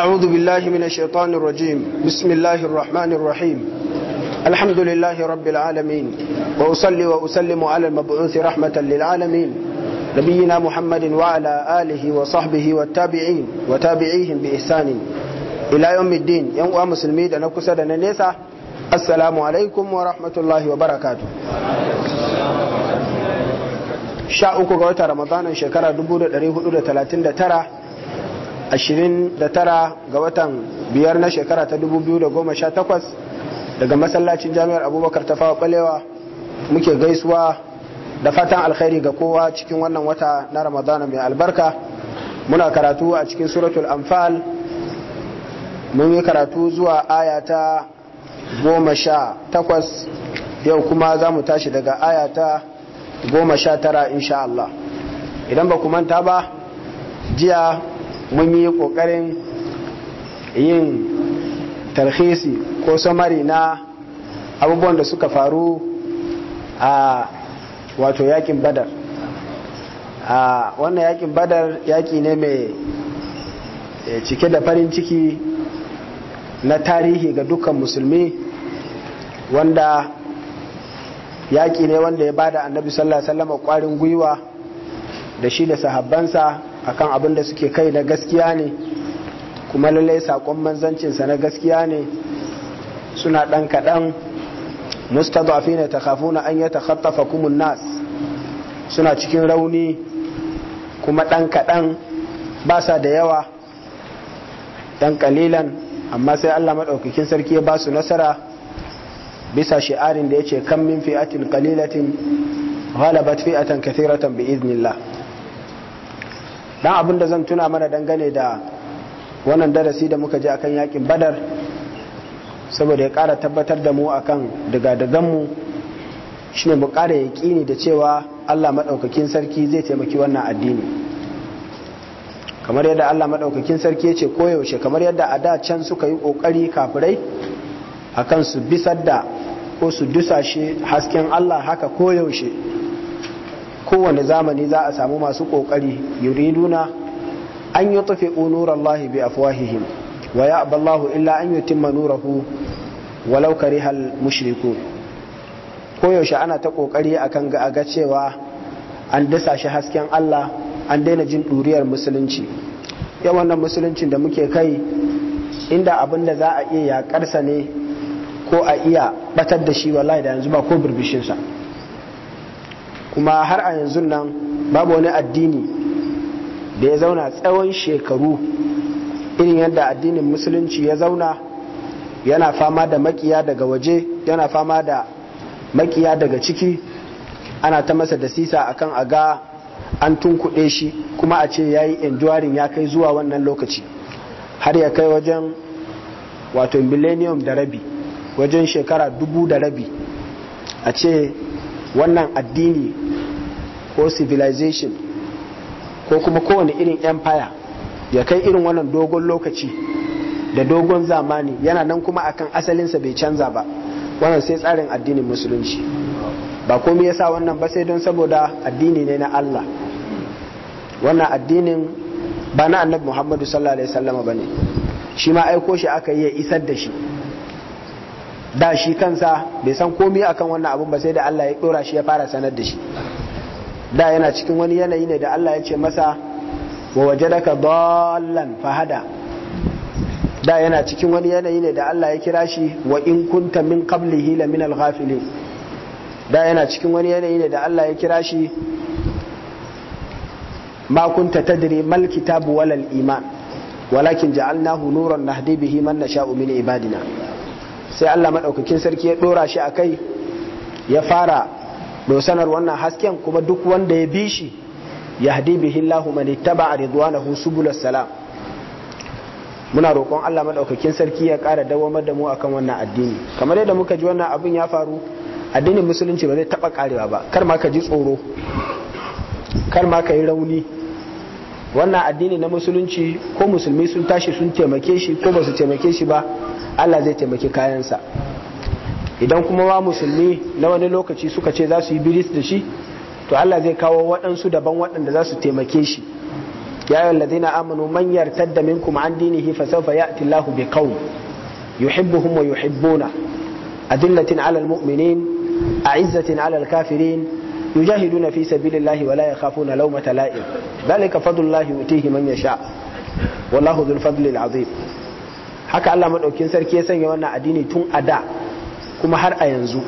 أعوذ بالله من الشيطان الرجيم بسم الله الرحمن الرحيم الحمد لله رب العالمين وأصلي وأسلم على المبعوث رحمة للعالمين نبينا محمد وعلى آله وصحبه والتابعين وتابعيهم بإحسان إلى يوم الدين يوم مسلمي دنا كسد نيسا السلام عليكم ورحمة الله وبركاته sha uku ga wata ramadanin shekara 1439 ashirin da tara ga watan biyar na shekara ta dubu biyu da sha takwas daga masallacin jami'ar abubakar ta fawa balewa muke gaisuwa da fatan alkhairi ga kowa cikin wannan wata na ramadana mai albarka muna karatu a cikin suratul amfal. mun yi karatu zuwa aya ta goma sha takwas yau kuma za mu tashi daga aya ta goma sha tara insha Allah idan ba ku manta ba jiya mun yi kokarin yin tarhisi ko samari na abubuwan da suka faru a wato yakin badar a wannan yakin badar yaki ne mai eh, cike da farin ciki na tarihi ga dukkan musulmi wanda yaki ne wanda ya bada annabi sallallahu alaihi wasallam kwarin gwiwa da shi da sahabbansa akan abin da suke kai na gaskiya ne kuma lallai saƙon manzancinsa na gaskiya ne suna ɗan kaɗan mustadafina takhafuna an yatakhattafakum kumun nas suna cikin rauni kuma ɗan kaɗan ba sa da yawa ɗan kalilan amma sai Allah maɗaukakin sarki ya ba su nasara bisa shi'arin da ya ce kan min fi'atin qalilatin ghalabat fi'atan kathiratan bi iznillah dan abin da zan tuna mana dangane da wannan darasi da muka je akan yakin badar saboda ya kara tabbatar da mu akan mu shine mu kara yaƙini da cewa Allah maɗaukakin sarki zai taimaki wannan addini kamar yadda Allah maɗaukakin sarki ya ce koyaushe kamar yadda a da can suka yi ƙoƙari kafirai akan su bisar da ko su dusashe hasken Allah haka koyaushe kowane zamani za a samu masu kokari yuriduna an yi tafi nurallahi bi afwahihim wa ya aballahu illa an yutimma nurahu walau hal mushriku koyaushe ana ta kokari akan ga ga cewa an dasa shi hasken Allah an daina jin ɗuriyar musulunci yau wannan musuluncin da muke kai inda abin da za a iya yakarsa ne ko a iya batar da shi wallahi da yanzu ba ko birbishinsa kuma har a yanzu nan babu wani addini da ya zauna tsawon shekaru irin yadda addinin musulunci ya zauna yana fama da makiya daga waje yana fama da makiya daga ciki ana ta masa da sisa akan aga an tunkuɗe shi kuma a ce ya yi enduring ya kai zuwa wannan lokaci har ya kai wajen wato millennium da rabi wajen shekara dubu da rabi a ce wannan addini ko civilization ko kuma kowane irin empire ya kai irin wannan dogon lokaci da dogon zamani yana nan kuma akan asalinsa bai canza ba wannan sai tsarin addinin musulunci ba komai yasa wannan ba sai don saboda addini ne na Allah wannan addinin ba na annabi Muhammadu sallallahu alaihi wasallam bane shi ma aiko shi aka yi ya isar da shi da shi kansa bai san komai akan wannan abun ba sai da Allah ya dora shi ya fara sanar da shi da yana cikin wani yanayi ne da Allah ya ce masa wa wajadaka dallan fahada da yana cikin wani yanayi ne da Allah ya kira shi wa in kunta min qablihi la min al da yana cikin wani yanayi ne da Allah ya kira shi ma kunta tadri mal kitabu walal iman walakin ja'alnahu nuran nahdi bihi man nasha'u min ibadina sai Allah maɗaukakin sarki ya ɗora shi kai ya fara dosanar wannan hasken kuma duk wanda ya bi shi yahdi bihi a man ittaba ridwanahu subulus salam muna roƙon Allah maɗaukakin sarki ya ƙara dawamar da mu akan wannan addini kamar yadda muka ji wannan abin ya faru addinin musulunci ba zai taɓa karewa ba kar ma ka ji tsoro kar ma ka yi rauni wannan addini na musulunci ko musulmi sun tashi sun taimake shi ko ba su taimake shi ba Allah zai taimaki kayansa idan kuma ma musulmi na wani lokaci suka ce za su yi biris da shi to Allah zai kawo waɗansu daban waɗanda za su taimake shi ya yi ladina amanu man yartadda minkum an dinihi fa sawfa ya'ti Allah bi qaum yuhibbuhum wa yuhibbuna adillatin 'alal mu'minin a'izzatin 'alal kafirin yujahiduna fi sabilillahi wa la yakhafuna lawmata la'im dhalika fadlullahi yutihi man yasha wallahu dhul fadli 'azim haka Allah maɗaukin sarki ya sanya wannan addini tun a da kuma har a yanzu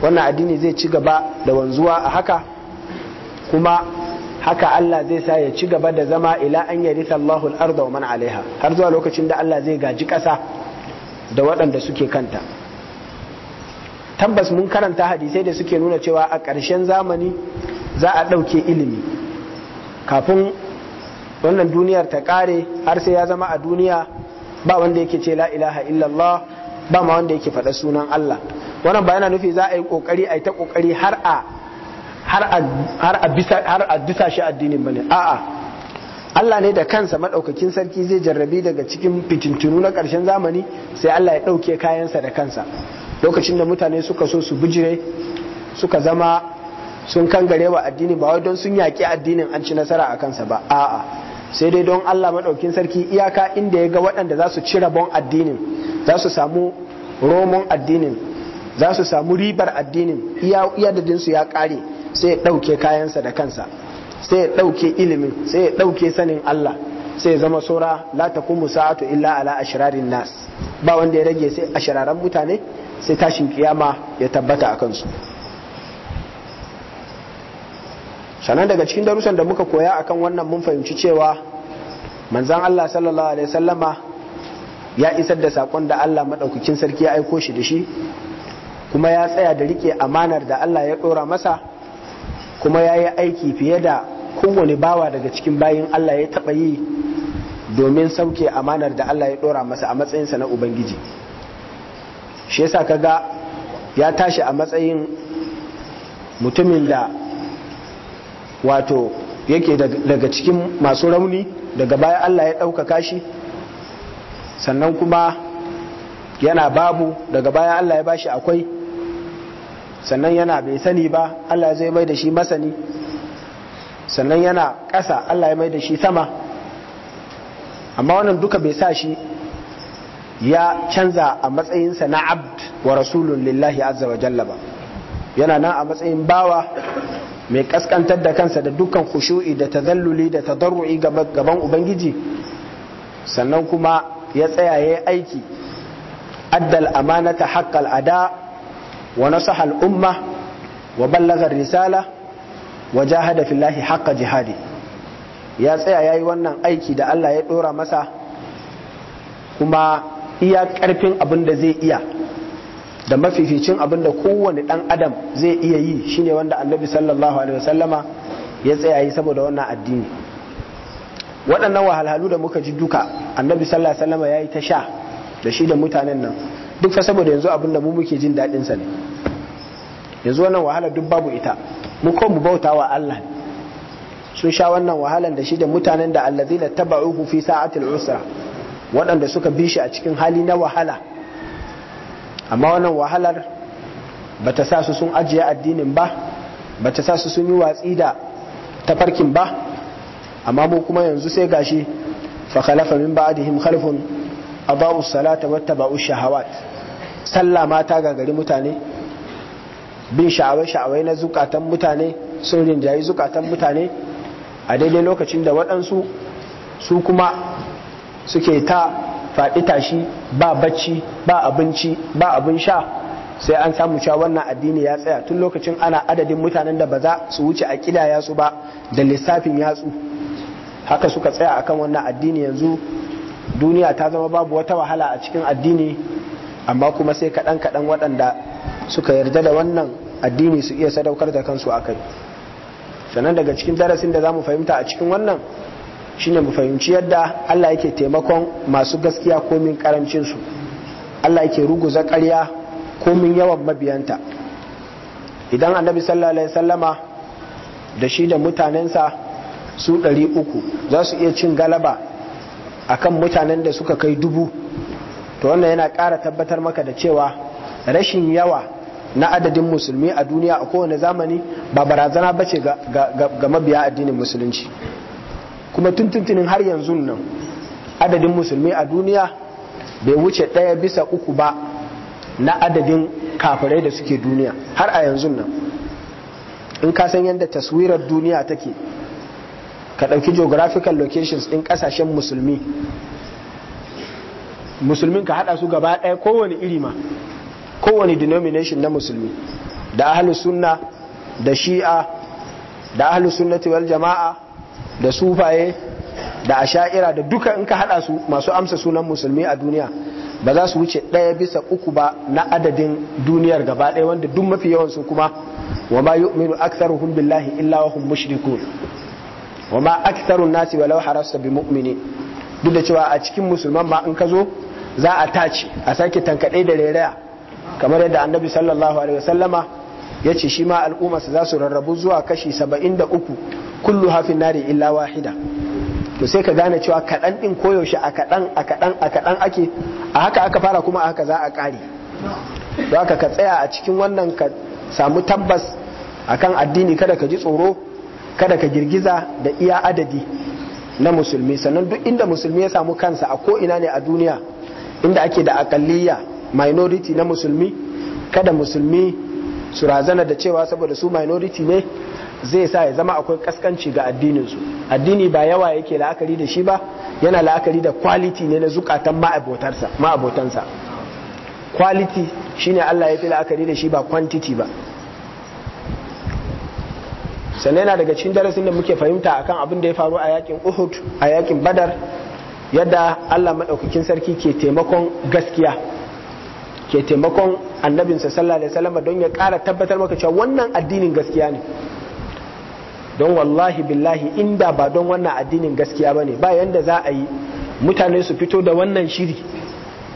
wannan addini zai ci gaba da wanzuwa a haka kuma haka Allah zai sa ya ci gaba da zama ila an yarisa Allahu al wa man alaiha har zuwa lokacin da Allah zai gaji ƙasa da waɗanda suke kanta tabbas mun karanta hadisai da suke nuna cewa a ƙarshen zamani za a ɗauke ilimi kafin wannan duniyar ta ƙare har sai ya zama a duniya ba wanda yake ce la ilaha illallah ba ma wanda yake faɗa sunan Allah wannan ba yana nufi za a yi kokari a yi ta kokari har a har a har a bisa har a bisa shi addinin bane a'a Allah ne da kansa madaukakin sarki zai jarrabi daga cikin fitintunu na ƙarshen zamani sai Allah ya ɗauke kayansa da kansa lokacin da mutane suka so su bijire suka zama sun kangare wa addini ba wai don sun yaƙi addinin an ci nasara a kansa ba a'a sai dai don Allah maɗaukin sarki iyaka inda ya ga waɗanda za su ci rabon addinin za su samu romon addinin za su samu ribar addinin iya dadinsu ya ƙare sai ya ɗauke kayansa da kansa sai ya ɗauke ilimin sai ya ɗauke sanin Allah sai ya zama saura la musa'atu sa'atu illa ala ashirarin nas ba wanda ya rage sai ashiraran mutane sai tashin kiyama ya tabbata a kansu sannan daga cikin darussan da muka koya akan wannan mun fahimci cewa manzan Allah sallallahu alaihi wasallama ya isar da sakon da Allah madaukakin sarki ya aiko shi da shi kuma ya tsaya da rike amanar da Allah ya ɗora masa kuma ya yi aiki fiye da kowane bawa daga cikin bayin Allah ya taɓa yi domin sauke amanar da Allah ya ɗora masa a matsayinsa na ubangiji shi yasa kaga ya tashi a matsayin mutumin da wato yake daga cikin masu rauni daga baya Allah ya ɗaukaka shi sannan kuma yana babu daga baya Allah ya bashi akwai sannan yana bai sani ba Allah zai mai da shi masani sannan yana ƙasa Allah ya mai da shi sama amma wannan duka bai sa shi ya canza a matsayinsa na abd wa rasulun lillahi azza wa jalla ba yana nan a matsayin bawa mai kaskantar da kansa da dukkan khushu'i da tazalluli da tadarru'i gaban ubangiji sannan kuma ya tsaya ya aiki addal amanata haqqal ada wa nasaha al umma wa ballagha risala wa jahada fillahi haqqa jihadi ya tsaya ya yi wannan aiki da Allah ya ɗora masa kuma iya ƙarfin abin da zai iya da mafificin abin da kowane dan adam zai iya yi shine wanda annabi sallallahu alaihi wasallama ya tsaya yi saboda wannan addini waɗannan wahalhalu da muka ji duka annabi sallallahu alaihi wasallama yayi ta sha da shi da mutanen nan duk fa saboda yanzu abin da mu muke jin daɗinsa ne yanzu wannan wahala duk babu ita mu ko mu bauta wa Allah sun sha wannan wahalan da shi da mutanen da allazina taba'uhu fi sa'atil usra waɗanda suka bi shi a cikin hali na wahala amma wannan wahalar ba ta sa su sun ajiye addinin ba ta sa su sun yi watsi da tafarkin ba amma mu kuma yanzu sai gashi fa khalafa min ba'dihim khalfun adaa'u salata wattaba'u shahawat sallah mata ga gari mutane bin sha'awai sha'awai na zukatan mutane sun rinjayi zukatan mutane a daidai lokacin da waɗansu su kuma suke ta faɗi tashi ba bacci ba abinci ba abin sha sai an samu cewa wannan addini ya tsaya tun lokacin ana adadin mutanen da ba za su wuce a kidaya su ba da lissafin yatsu haka suka tsaya akan wannan addini yanzu duniya ta zama babu wata wahala a cikin addini amma kuma sai kaɗan kaɗan waɗanda suka yarda da wannan addini su iya sadaukar da kansu a kai sannan daga cikin darasin da za mu fahimta a cikin wannan shine mu fahimci yadda Allah yake taimakon masu gaskiya komin karancinsu Allah yake ruguza ƙarya komin yawan mabiyanta idan annabi sallallahu alaihi sallama da shi da mutanensa su ɗari uku za su iya cin galaba akan mutanen da suka kai dubu to wannan yana ƙara tabbatar maka da cewa rashin yawa na adadin musulmi a duniya a kowane zamani ba barazana ba ce ga mabiya addinin musulunci kuma tun tuntuntunin har yanzu nan adadin musulmi a duniya bai wuce ɗaya bisa uku ba na adadin kafirai da suke duniya har a yanzu nan in ka san yadda taswirar duniya take ka ɗauki geographical locations ɗin ƙasashen musulmi musulmin ka haɗa su gaba ɗaya kowane iri ma kowane denomination na musulmi da ahlu sunna da shi'a da ahlus sunnati wal jama'a da sufaye da asha'ira da duka in ka hada su masu amsa sunan musulmi a duniya ba za su wuce ɗaya bisa uku ba na adadin duniyar gaba ɗaya wanda duk mafi yawan su kuma wa ma yu'minu aktharuhum billahi illa wa hum mushrikun wa ma aktharun nasi walau harasta bi mu'mini duk da cewa a cikin musulman ma in ka zo za a tace a sake tankaɗe da rairaya kamar yadda annabi sallallahu alaihi wasallama ya ce shi ma al'umma su za su rarrabu zuwa kashi saba'in da uku kullu hafin nari illa wahida to sai ka gane cewa kaɗan ɗin koyaushe a kaɗan a kaɗan a kaɗan ake a haka aka fara kuma a haka za a ƙare to haka ka tsaya a cikin wannan ka samu tabbas akan addini kada ka ji tsoro kada ka girgiza da iya adadi na musulmi sannan duk inda musulmi ya samu kansa a ko ina ne a duniya inda ake da akalliya minority na musulmi kada musulmi su razana da cewa saboda su minority ne zai sa ya zama akwai kaskanci ga addininsu addini ba yawa yake la'akari da shi ba yana la'akari da quality ne na zukatan ma'abotansa quality shine Allah ya fi la'akari da shi ba quantity ba sannan yana daga cikin darasin da muke fahimta akan abin da ya faru a yakin uhud a yakin badar yadda Allah maɗaukakin sarki ke taimakon gaskiya ke taimakon annabinsa sallallahu alaihi wasallam don ya ƙara tabbatar maka cewa wannan addinin gaskiya ne don wallahi billahi inda ba don wannan addinin gaskiya ba ne ba yanda za a yi mutane su fito da wannan shiri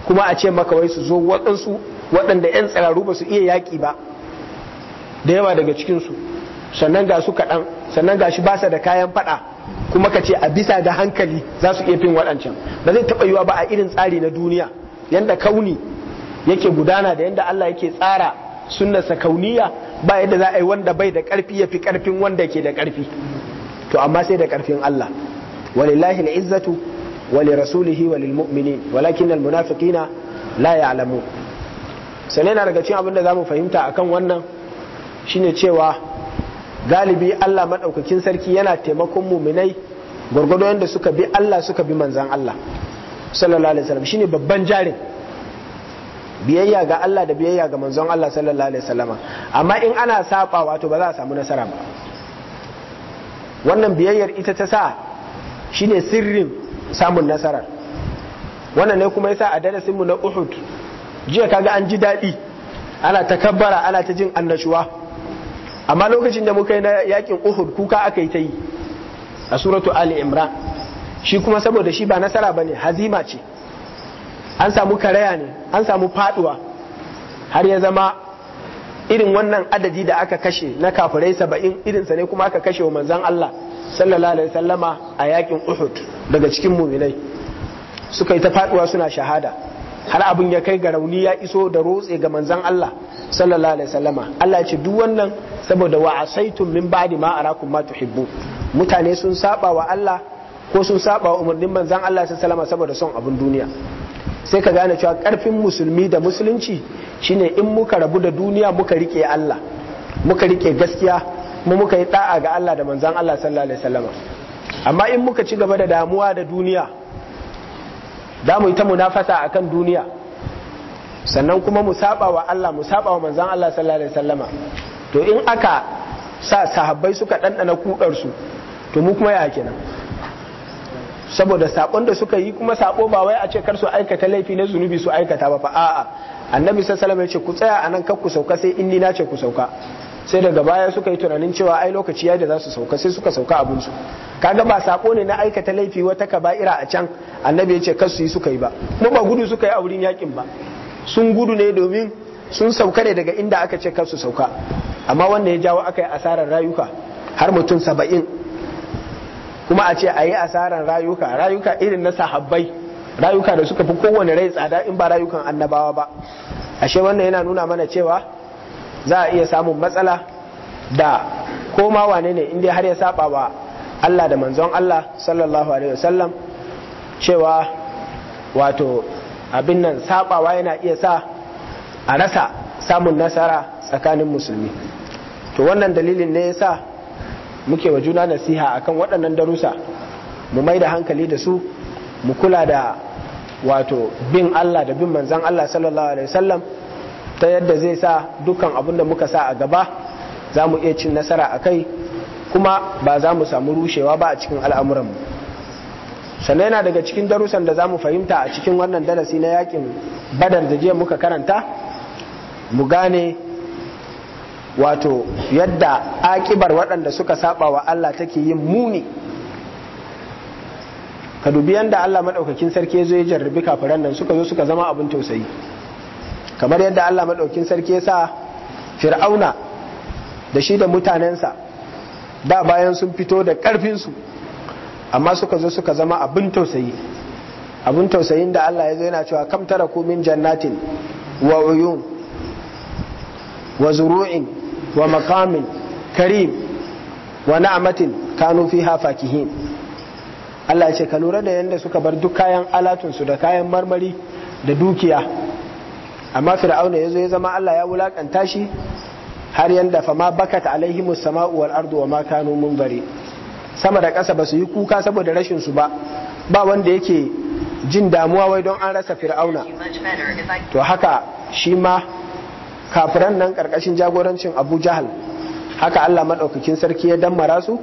kuma a ce maka wai su zo waɗansu waɗanda 'yan tsararru ba su iya yaƙi ba da yawa daga cikinsu sannan ga su kaɗan sannan ga shi ba sa da kayan faɗa kuma ka ce a bisa da hankali za su iya fin waɗancan ba zai taɓa yiwa ba a irin tsari na duniya yanda kauni yake gudana da yanda Allah yake tsara sunnarsa Sakauniya ba yadda za a yi wanda bai da karfi ya fi karfin wanda ke da karfi to amma sai da karfin Allah walillahi na wa li rasulihi wa lil mu'minin walakin al munafiqina la ya'lamu sai na daga cikin abin da zamu fahimta akan wannan shine cewa galibi Allah madaukakin sarki yana taimakon muminai gwargwado yadda suka bi Allah suka bi manzan Allah sallallahu alaihi wasallam shine babban jarin biyayya ga Allah da biyayya ga manzon Allah sallallahu alaihi wasallama amma in ana sakawa to ba za a samu nasara ba wannan biyayyar ita ta sa shine sirrin samun nasarar wannan ne kuma yasa a darasinmu na Uhud jiya kaga an ji daɗi ana takabbara ana ta jin annashuwa amma lokacin da muka yi na yakin Uhud kuka aka yi ta yi a suratu Ali Imran shi kuma saboda shi ba nasara bane hazima ce an samu karaya ne an samu faduwa har ya zama irin wannan adadi da aka kashe na kafirai saba'in irinsa ne kuma aka kashe wa manzan Allah sallallahu alaihi wasallama a yakin Uhud daga cikin muminai suka yi ta faduwa suna shahada har abin ya kai ga rauni ya iso da rotse ga manzan Allah sallallahu alaihi wasallama Allah ce duk wannan saboda wa asaitum min ba'di ma arakum ma tuhibbu mutane sun saba wa Allah ko sun saba wa umarnin manzan Allah sallallahu alaihi sallama saboda son abin duniya sai ka gane cewa karfin musulmi da musulunci shine in muka rabu da duniya muka rike Allah muka rike gaskiya mu muka yi da'a ga Allah da manzon Allah sallallahu alaihi wasallam amma in muka ci gaba da damuwa da duniya za mu yi ta munafasa akan duniya sannan kuma mu saba wa Allah mu saba wa manzon Allah sallallahu alaihi wasallam to in aka sa sahabbai suka ɗanɗana su to mu kuma ya kenan saboda sakon da suka yi kuma sako ba wai a ce kar su aikata laifi na zunubi su aikata ba fa a'a annabi sallallahu ya ce ku tsaya anan kar ku sauka sai in ni na ce ku sauka sai daga baya suka yi tunanin cewa ai lokaci ya da za su sauka sai suka sauka abin su kaga ba sako ne na aikata laifi wata kaba'ira a can annabi ya ce kar su yi suka yi ba kuma ba gudu suka yi a wurin yakin ba sun gudu ne domin sun sauka ne daga inda aka ce kar su sauka amma wanda ya jawo aka yi asarar rayuka har mutum saba'in kuma a ce a yi asaran rayuka rayuka irin na sahabbai rayuka da suka fi kowane rai tsada in ba rayukan annabawa ba ashe wannan yana nuna mana cewa za a iya samun matsala da koma wane ne inda har ya saba wa Allah da manzon Allah sallallahu alaihi wasallam cewa wato abin nan sabawa yana iya sa a rasa samun nasara tsakanin musulmi to wannan dalilin ne ya sa muke wa juna nasiha akan waɗannan darusa mu mai da hankali da su mu kula da wato bin Allah da bin manzan Allah sallallahu alaihi wasallam ta yadda zai sa dukkan abin da muka sa a gaba za mu iya cin nasara a kai kuma ba za mu samu rushewa ba a cikin al'amuranmu sannan yana daga cikin darusan da za mu fahimta a cikin wannan darasi na yakin badar da jiya muka karanta mu gane wato yadda akibar waɗanda suka saba wa Allah take yin muni ka dubi yadda Allah maɗaukakin sarki zo ya jarrabi kafiran nan suka zo suka zama abin tausayi kamar yadda Allah maɗaukakin sarki ya sa fir'auna da shi da mutanensa da bayan sun fito da ƙarfinsu amma suka zo suka zama abin tausayi abin tausayin da Allah ya zo yana cewa kam tara min jannatin wa uyun wa zuru'in wa maqamin karim wa na'amatin kanu fiha fakihin Allah ya ce ka lura da yadda suka bar duk kayan alatunsu da kayan marmari da dukiya amma fir'auna ya zo ya zama Allah ya wulakanta shi har yanda ma bakat alaihimus sama'u wal ardu wa ma kanu munzari sama da ƙasa basu yi kuka saboda rashin su ba ba wanda yake jin damuwa wai don an rasa fir'auna to haka shi ma kafiran nan karkashin jagorancin abu jahal haka allah maɗaukakin sarki ya dammara su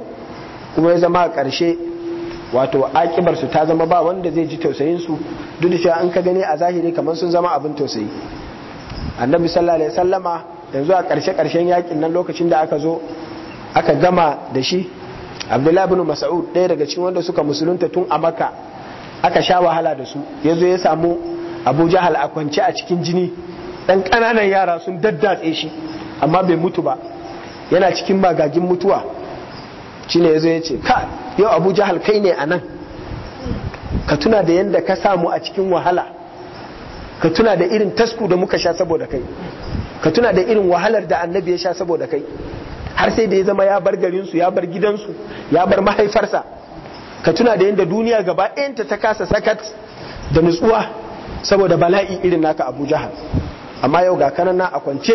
kuma ya zama a ƙarshe wato aƙibarsu ta zama ba wanda zai ji tausayin su duk da cewa an ka gani a zahiri kamar sun zama abin tausayi annabi sallallahu alaihi sallama yanzu a ƙarshe ƙarshen yakin nan lokacin da aka zo aka gama da shi abdullahi bin mas'ud ɗaya daga cikin wanda suka musulunta tun a makka aka sha wahala da su ya zo ya samu abu jahal a kwance a cikin jini dan ƙananan yara sun daddatse shi amma bai mutu ba yana cikin magagin mutuwa shine yazo ya ce ka yau abu jahal kai ne a nan ka tuna da yadda ka samu a cikin wahala ka tuna da irin tasku da muka sha saboda kai ka tuna da irin wahalar da annabi ya sha saboda kai har sai da ya zama ya bar garinsu ya bar gidansu ya bar mahaifarsa ka tuna da yadda duniya gaba ɗayanta ta kasa sakat da nutsuwa saboda bala'i irin naka abu jahal amma yau ga kanan na a kwance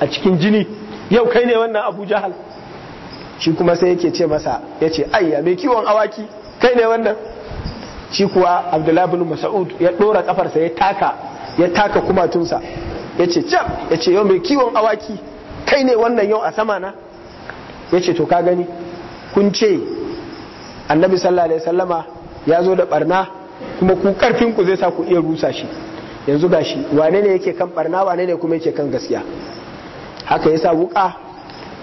a cikin jini yau kai ne wannan abu jahal shi kuma sai yake ce masa ya ce ayya mai kiwon awaki kai ne wannan shi kuwa abdullahi bin mas'ud ya ɗora kafarsa ya taka ya taka kumatunsa ya ce cam ya ce yau mai kiwon awaki kai ne wannan yau a sama na ya ce to ka gani kun ce annabi sallallahu alaihi sallama ya zo da barna kuma ku karfin zai sa ku iya rusa shi yanzu gashi wane ne yake kan barna wane ne kuma yake kan gaskiya haka yasa wuka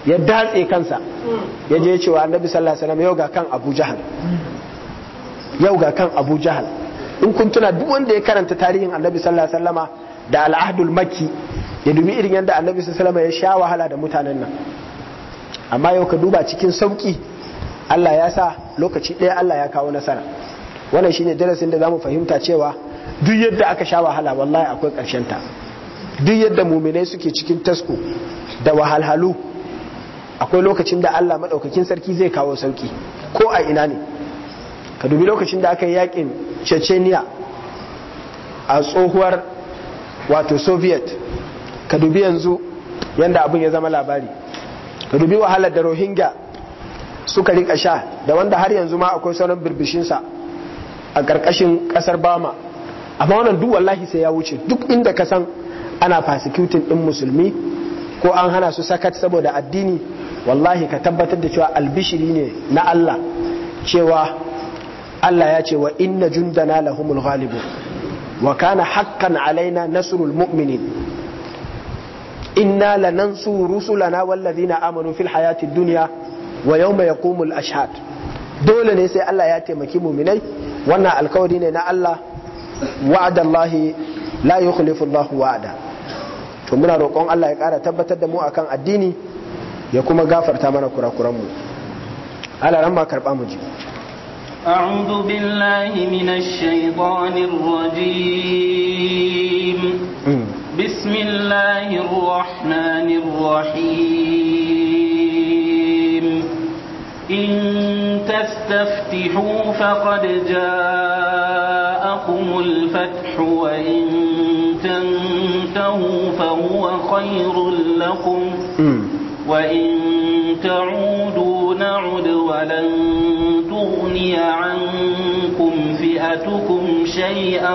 ya datse kansa ya je cewa annabi sallallahu alaihi wasallam yau ga kan abu jahal yau ga kan abu jahal in kun tuna duk wanda ya karanta tarihin annabi sallallahu alaihi wasallama da al'ahdul makki ya dubi irin yadda annabi sallallahu alaihi wasallama ya sha wahala da mutanen nan amma yau ka duba cikin sauki Allah ya sa lokaci ɗaya Allah ya kawo nasara wannan shine darasin da zamu fahimta cewa duk yadda aka sha wahala wallahi akwai karshen ta duk yadda muminai suke cikin tasko da wahalhalu akwai lokacin da Allah maɗaukakin sarki zai kawo sauki ko a ina ne ka dubi lokacin da aka yi yakin chechenia a tsohuwar wato soviet ka dubi yanzu yanda abin ya zama labari ka dubi wahalar da rohingya suka rika sha da wanda har yanzu ma akwai sauran birbishinsa a ƙarƙashin ƙasar bama amma wannan duk wallahi sai ya wuce duk inda ka san ana fasikutin din musulmi ko an hana su sakat saboda addini wallahi ka tabbatar da cewa albishiri ne na Allah cewa Allah ya ce wa inna jundana lahumul ghalibun wa kana haqqan alaina nasrul mu'minin inna lanansu rusulana wallazina amanu fil hayatid dunya wa yawma yaqumul ashhad dole ne sai Allah ya taimaki muminai wannan alkawari ne na Allah wa'ada Allah la yukhlifu Allah wa'ada to muna roƙon Allah ya ƙara tabbatar da mu akan addini ya kuma gafarta mana kurakuran mu Allah ran ma karba mu ji أعوذ بالله من الشيطان الرجيم بسم الله الرحمن الرحيم إن تستفتحوا فقد جاءكم الفتح وإن تنتهوا فهو خير لكم وإن تعودوا نعد ولن تغني عنكم فئتكم شيئا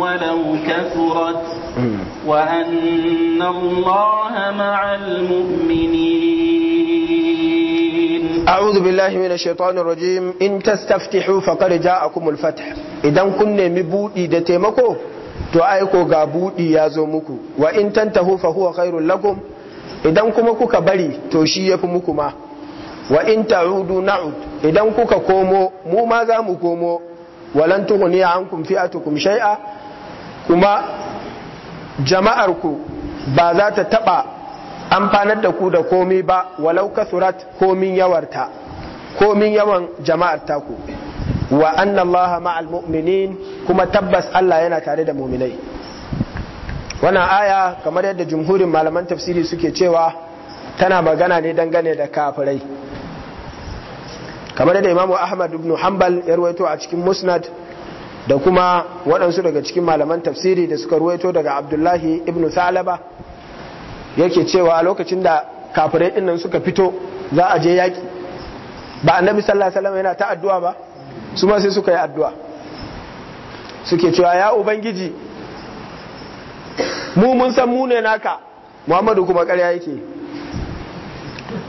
ولو كثرت وأن الله مع المؤمنين أعوذ بالله من الشيطان الرجيم إن تستفتحوا فقد idan الفتح إذا كنا مبودي دتيمكو to ai ko ga buɗi ya zo muku wa in tantahu fa huwa khairul lakum idan kuma kuka bari to shi yafi muku ma wa in ta'udu na'ud idan kuka komo mu ma za mu komo walan tughni a fi'atukum shay'a kuma jama'arku ba za ta taɓa. amfanar da ku da komi ba walau kasurat komin yawarta komin yawan jama'ar taku wa annallaha ma'al mu'minin kuma tabbas Allah yana tare da mu'minai wannan aya kamar yadda jumhurin malaman tafsiri suke cewa tana magana ne dangane da kafirai kamar yadda imamu ahmad ibn hanbal ya ruwaito a cikin musnad da kuma waɗansu daga cikin malaman tafsiri da suka ruwaito daga abdullahi ibn salaba yake cewa lokacin da kafirai din nan suka fito za a je yaki ba annabi sallallahu alaihi wasallam yana ta addu'a ba su ma sai suka yi addu'a suke cewa ya ubangiji mu mun san mu ne naka muhammadu kuma ƙarya yake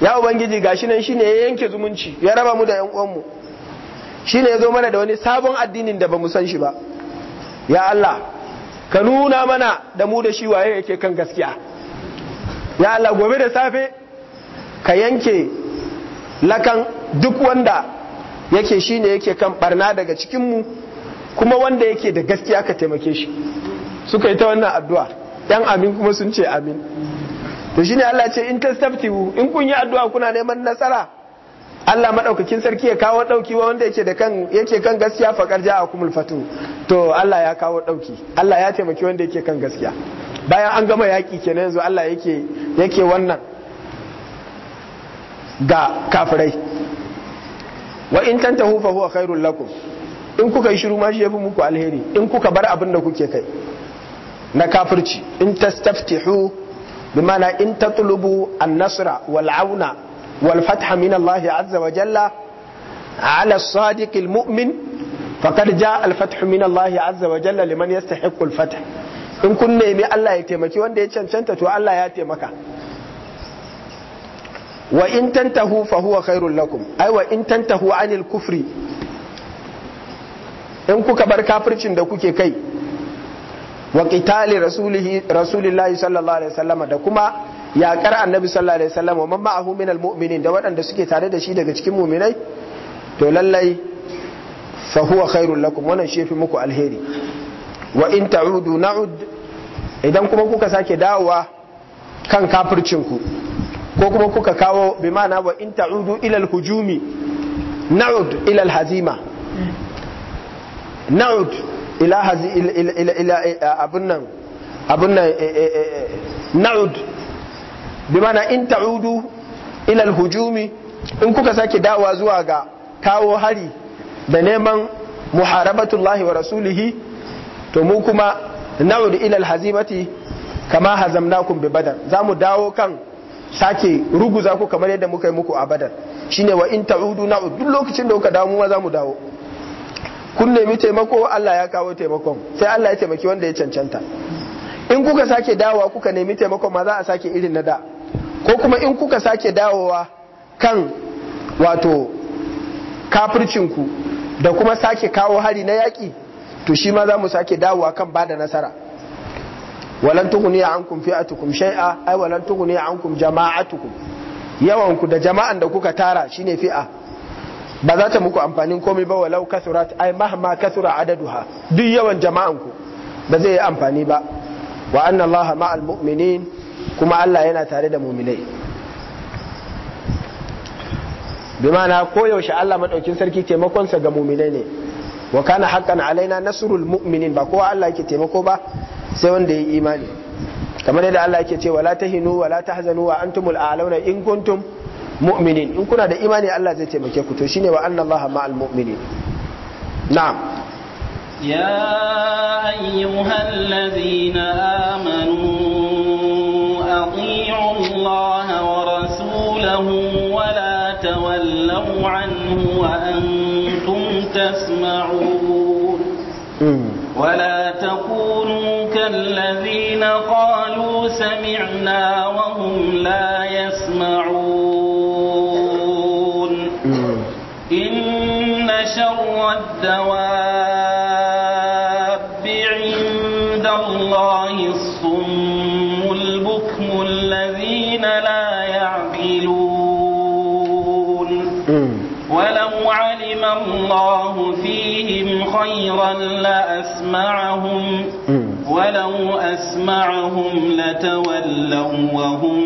ya ubangiji gashi nan shine ya yanke zumunci ya raba mu da yan uwanmu shine ya zo mana da wani sabon addinin da bamu san shi ba ya Allah ka nuna mana da mu da shi waye yake kan gaskiya ya Allah gobe da safe ka yanke lakan duk wanda yake shine yake kan barna daga cikinmu kuma wanda yake da gaskiya ka taimake shi suka yi ta wannan addu'a yan amin kuma sun ce amin to ne Allah ce in in kun yi addu'a kuna neman nasara Allah madaukakin sarki ya kawo ɗauki wa wanda yake da kan yake kan gaskiya ja'a kumul fatu to Allah ya kawo dauki Allah ya taimaki wanda yake kan gaskiya bayan an gama yaki kenan yanzu Allah yake yake wannan ga kafirai wa in tantahu fa huwa khairul lakum in kuka yi shiru ma shi yafi muku alheri in kuka bar abin da kuke kai na kafirci in tastaftihu bimana in tatlubu an-nasra wal auna wal azza wa jalla ala sadiq al mu'min faqad jaa azza wa liman yastahiqu in kun nemi Allah ya taimaki wanda ya cancanta to Allah ya taimaka wa in tantahu fa huwa khairul lakum ai wa in tantahu anil kufri in kuka bar kafircin da kuke kai wa qitali rasulillahi sallallahu alaihi wasallam da kuma yaƙar annabi sallallahu alaihi wasallam wa man ma'ahu minal mu'minin da waɗanda suke tare da shi daga cikin mu'minai to lallai fa huwa khairul lakum wannan shi yafi muku alheri wa in ta'udu na'ud idan kuma kuka sake dawowa kan kafircin ku ko kuma kuka kawo bi ma'ana wa in ta'udu ila al na'ud ila al-hazima na'ud ila eh, eh, abun nan abun nan eh, na'ud bi mana in ta'udu ila hujumi in kuka sake dawa zuwa ga kawo hari da neman muharabatullahi wa rasulihi to mu kuma na'udu ila hazimati kama hazamnakum bi badar za mu dawo kan sake ruguza ku kamar yadda muka yi muku a badar shine wa in ta'udu na'ud duk lokacin da kuka dawo mu ma za mu dawo kun nemi taimako Allah ya kawo taimakon sai Allah ya taimaki wanda ya cancanta in kuka sake dawowa kuka nemi taimakon ma za a sake irin na da ko kuma in kuka sake dawowa kan wato kafircinku da kuma sake kawo hari na yaƙi to shi ma za mu sake dawowa kan ba da nasara walan tughni ankum fi'atukum shai'a ai walan a ankum jama'atukum yawanku da jama'an da kuka tara shine fi'a ba za ta muku amfanin komai ba walau kasura ai mahma kasura adaduha duk yawan jama'anku ba zai yi amfani ba wa anna ma'al mu'minin kuma Allah yana tare da muminai bi ma'ana koyaushe Allah maɗaukin sarki taimakonsa ga muminai ne wa kana haqqan alaina nasrul mu'minin ba kowa Allah yake taimako ba sai wanda ya imani kamar yadda Allah yake ce wala tahinu wala tahzanu wa antumul a'launa in kuntum mu'minin in kuna da imani Allah zai taimake ku to shine wa anna Allah ma'al mu'minin na'am ya ladina amanu الله ورسوله ولا تولوا عنه وأنتم تسمعون ولا تكونوا كالذين قالوا سمعنا وهم لا يسمعون إن شر الدواب علم الله فيهم خيرا لأسمعهم ولو أسمعهم لتولوا وهم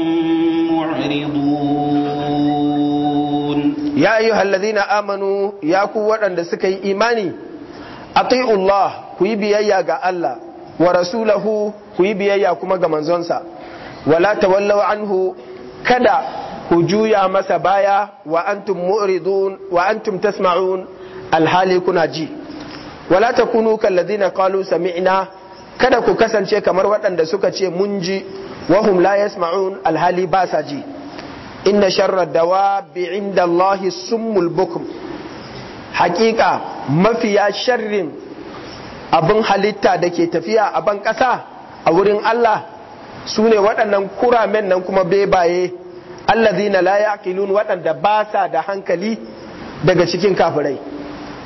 معرضون يا أيها الذين آمنوا يا قوة أن سكي إيماني أطيعوا الله كي بيايا الله ورسوله كي بيايا كما منزونسا ولا تولوا عنه kada ku juya masa baya wa antum mu'ridun wa antum tasma'un alhali kuna ji wala takunu kalladhina qalu sami'na kada ku kasance kamar waɗanda suka ce mun ji wa hum la yasma'un alhali ba sa ji inna sharra dawabi inda Allahi summul bukm hakika mafiya sharrin abin halitta da ke tafiya a ban ƙasa a wurin Allah su ne waɗannan kuramen nan kuma bebaye allazina la yaqilun waɗanda ba sa da hankali daga cikin kafirai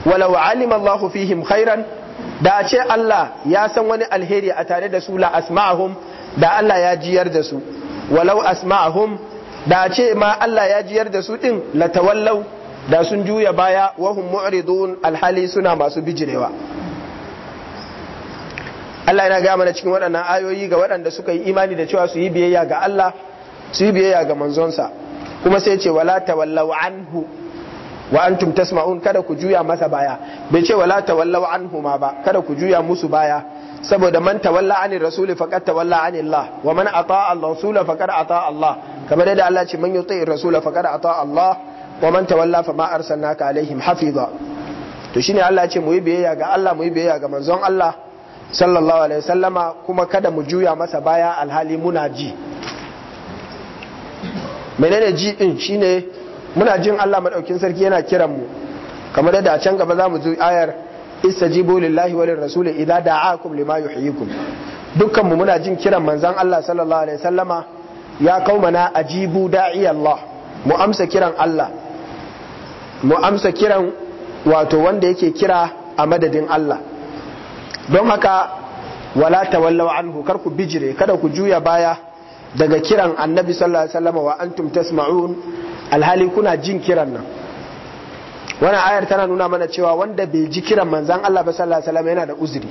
walau alima Allahu fihim khairan da a ce Allah ya san wani alheri a tare da su la asma'ahum da Allah ya jiyar da su walau asma'ahum da a ce ma Allah ya jiyar da su din la tawallau da sun juya baya wa hum mu'ridun alhali suna masu bijirewa Allah yana ga mana cikin waɗannan ayoyi ga waɗanda suka yi imani da cewa su yi biyayya ga Allah su yi biyayya ga manzonsa kuma sai ce wala tawallaw anhu wa antum tasma'un kada ku juya masa baya bai ce wala tawallaw anhu ma ba kada ku juya musu baya saboda man tawalla ani rasuli faqad tawalla ani Allah wa man ata'a ar-rasul faqad ata'a Allah kamar da Allah ce man yuti'i ar-rasul faqad ata'a Allah wa man tawalla fa ma arsalnaka alaihim hafiza to shine Allah ce mu yi biyayya ga Allah mu yi biyayya ga manzon Allah sallallahu alaihi wasallama kuma kada mu juya masa baya alhali muna ji menene ji din shine muna jin Allah madaukin sarki yana kiran mu kamar yadda a can gaba zamu zo ayar istajibu lillahi wa lirrasul idza da'akum lima yuhyikum dukkan mu muna jin kiran manzon Allah sallallahu alaihi wasallama ya kaumana ajibu da'i Allah mu amsa kiran Allah mu amsa kiran wato wanda yake kira a madadin Allah don haka wala tawallaw anhu kar ku bijire kada ku juya baya daga kiran annabi sallallahu alaihi wasallam wa antum tasma'un alhali kuna jin kiran nan wannan ayar tana nuna mana cewa wanda bai ji kiran manzon Allah ba sallallahu alaihi wasallam yana da uzuri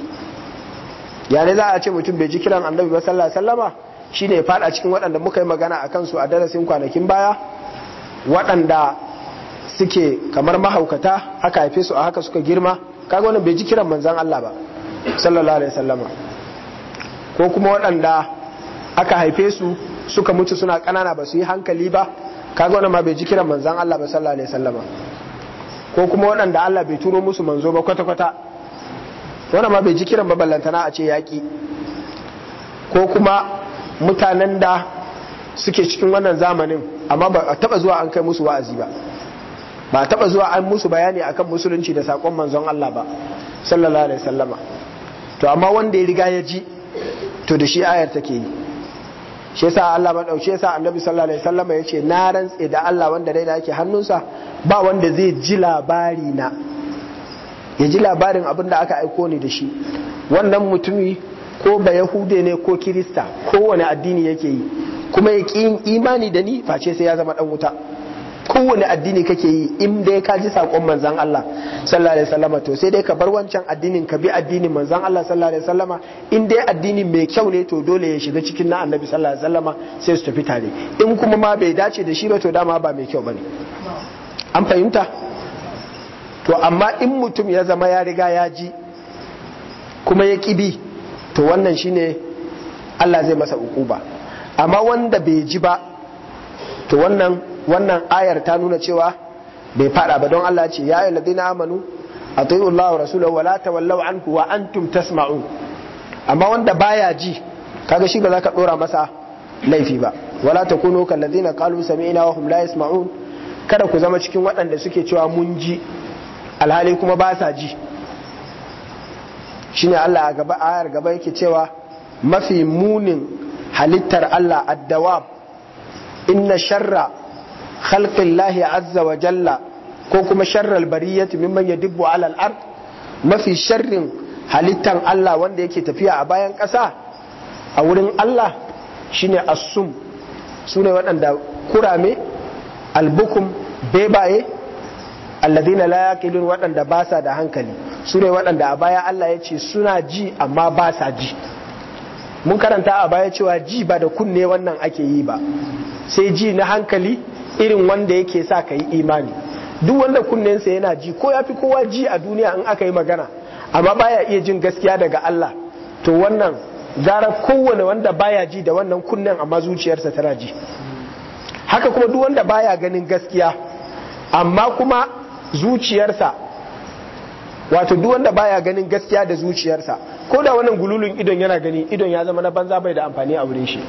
ya ne za a ce mutum bai ji kiran annabi ba sallallahu alaihi wasallam shine ya fada cikin waɗanda muka yi magana a kansu a darasin kwanakin baya waɗanda suke kamar mahaukata aka haife su a haka suka girma kaga wannan bai ji kiran manzon Allah ba sallallahu alaihi wasallam ko kuma waɗanda aka haife su suka mutu suna ƙanana ba su yi hankali ba kaga wannan ma bai ji kiran manzon Allah ba sallallahu alaihi wasallam ko kuma waɗanda Allah bai turo musu manzo ba kwata kwata wannan ma bai ji kiran ba ballantana a ce yaƙi ko kuma mutanen da suke cikin wannan zamanin amma ba a taɓa zuwa an kai musu wa'azi ba ba a taɓa zuwa an musu bayani akan musulunci da saƙon manzon Allah ba sallallahu alaihi wasallama to amma wanda ya riga ya ji to da shi ayar take yi shi yasa Allah ba dauke sa Annabi sallallahu alaihi wasallam ya ce na rantse da Allah wanda rai da yake hannunsa ba wanda zai ji labari na ya ji labarin abin da aka aiko ni da shi wannan mutumi ko ba yahude ne ko kirista ko kowane addini yake yi kuma ya imani da ni face sai ya zama dan wuta kowane addini kake yi in dai ka ji sakon manzan Allah sallallahu alaihi wasallama to sai dai ka bar wancan addinin ka bi addinin manzan Allah sallallahu alaihi wasallama in dai addini mai kyau ne to dole ya shiga cikin na annabi sallallahu alaihi wasallama sai su tafi tare in kuma ma bai dace da shi ba to dama ba mai kyau bane an fahimta to amma in mutum ya zama ya riga ya ji kuma ya kibi to wannan shine Allah zai masa uku ba amma wanda bai ji ba to wannan wannan ayar ta nuna cewa bai fada ba don Allah ce ya yi ladina amanu atiiu Allah rasuluhu wala ta wallau tawallaw kuwa wa antum tasma'un amma wanda baya ji kaga shi ba za ka dora masa laifi ba wala ta kuno kal ladina qalu sami'na wa hum la yasma'un kada ku zama cikin waɗanda suke cewa mun ji alhali kuma ba sa ji shine Allah a gaba ayar gaba yake cewa mafi munin halittar Allah addawab inna sharra khalqillahi azza wa jalla ko kuma sharral bariyati mimman yadibbu ala al-ard mafi sharrin halittan Allah wanda yake tafiya a bayan ƙasa a wurin Allah shine assum sune waɗanda kurame albukum bebaye alladhina la yaqilun waɗanda ba sa da hankali sune waɗanda a baya Allah ya ce suna ji amma ba sa ji mun karanta a baya cewa ji ba da kunne wannan ake yi ba sai ji na hankali irin wanda yake sa ka yi imani duk wanda kunnensa yana ji ko ya fi kowa ji a duniya in aka yi magana amma baya iya jin gaskiya daga Allah to wannan zarar kowane wanda baya ji da wannan kunnen amma zuciyarsa tana ji haka kuma duk wanda baya ganin gaskiya amma kuma zuciyarsa wato duk wanda baya ganin gaskiya da zuciyarsa ko da wannan gululun idon yana gani idon ya zama na banza bai da amfani a wurin shi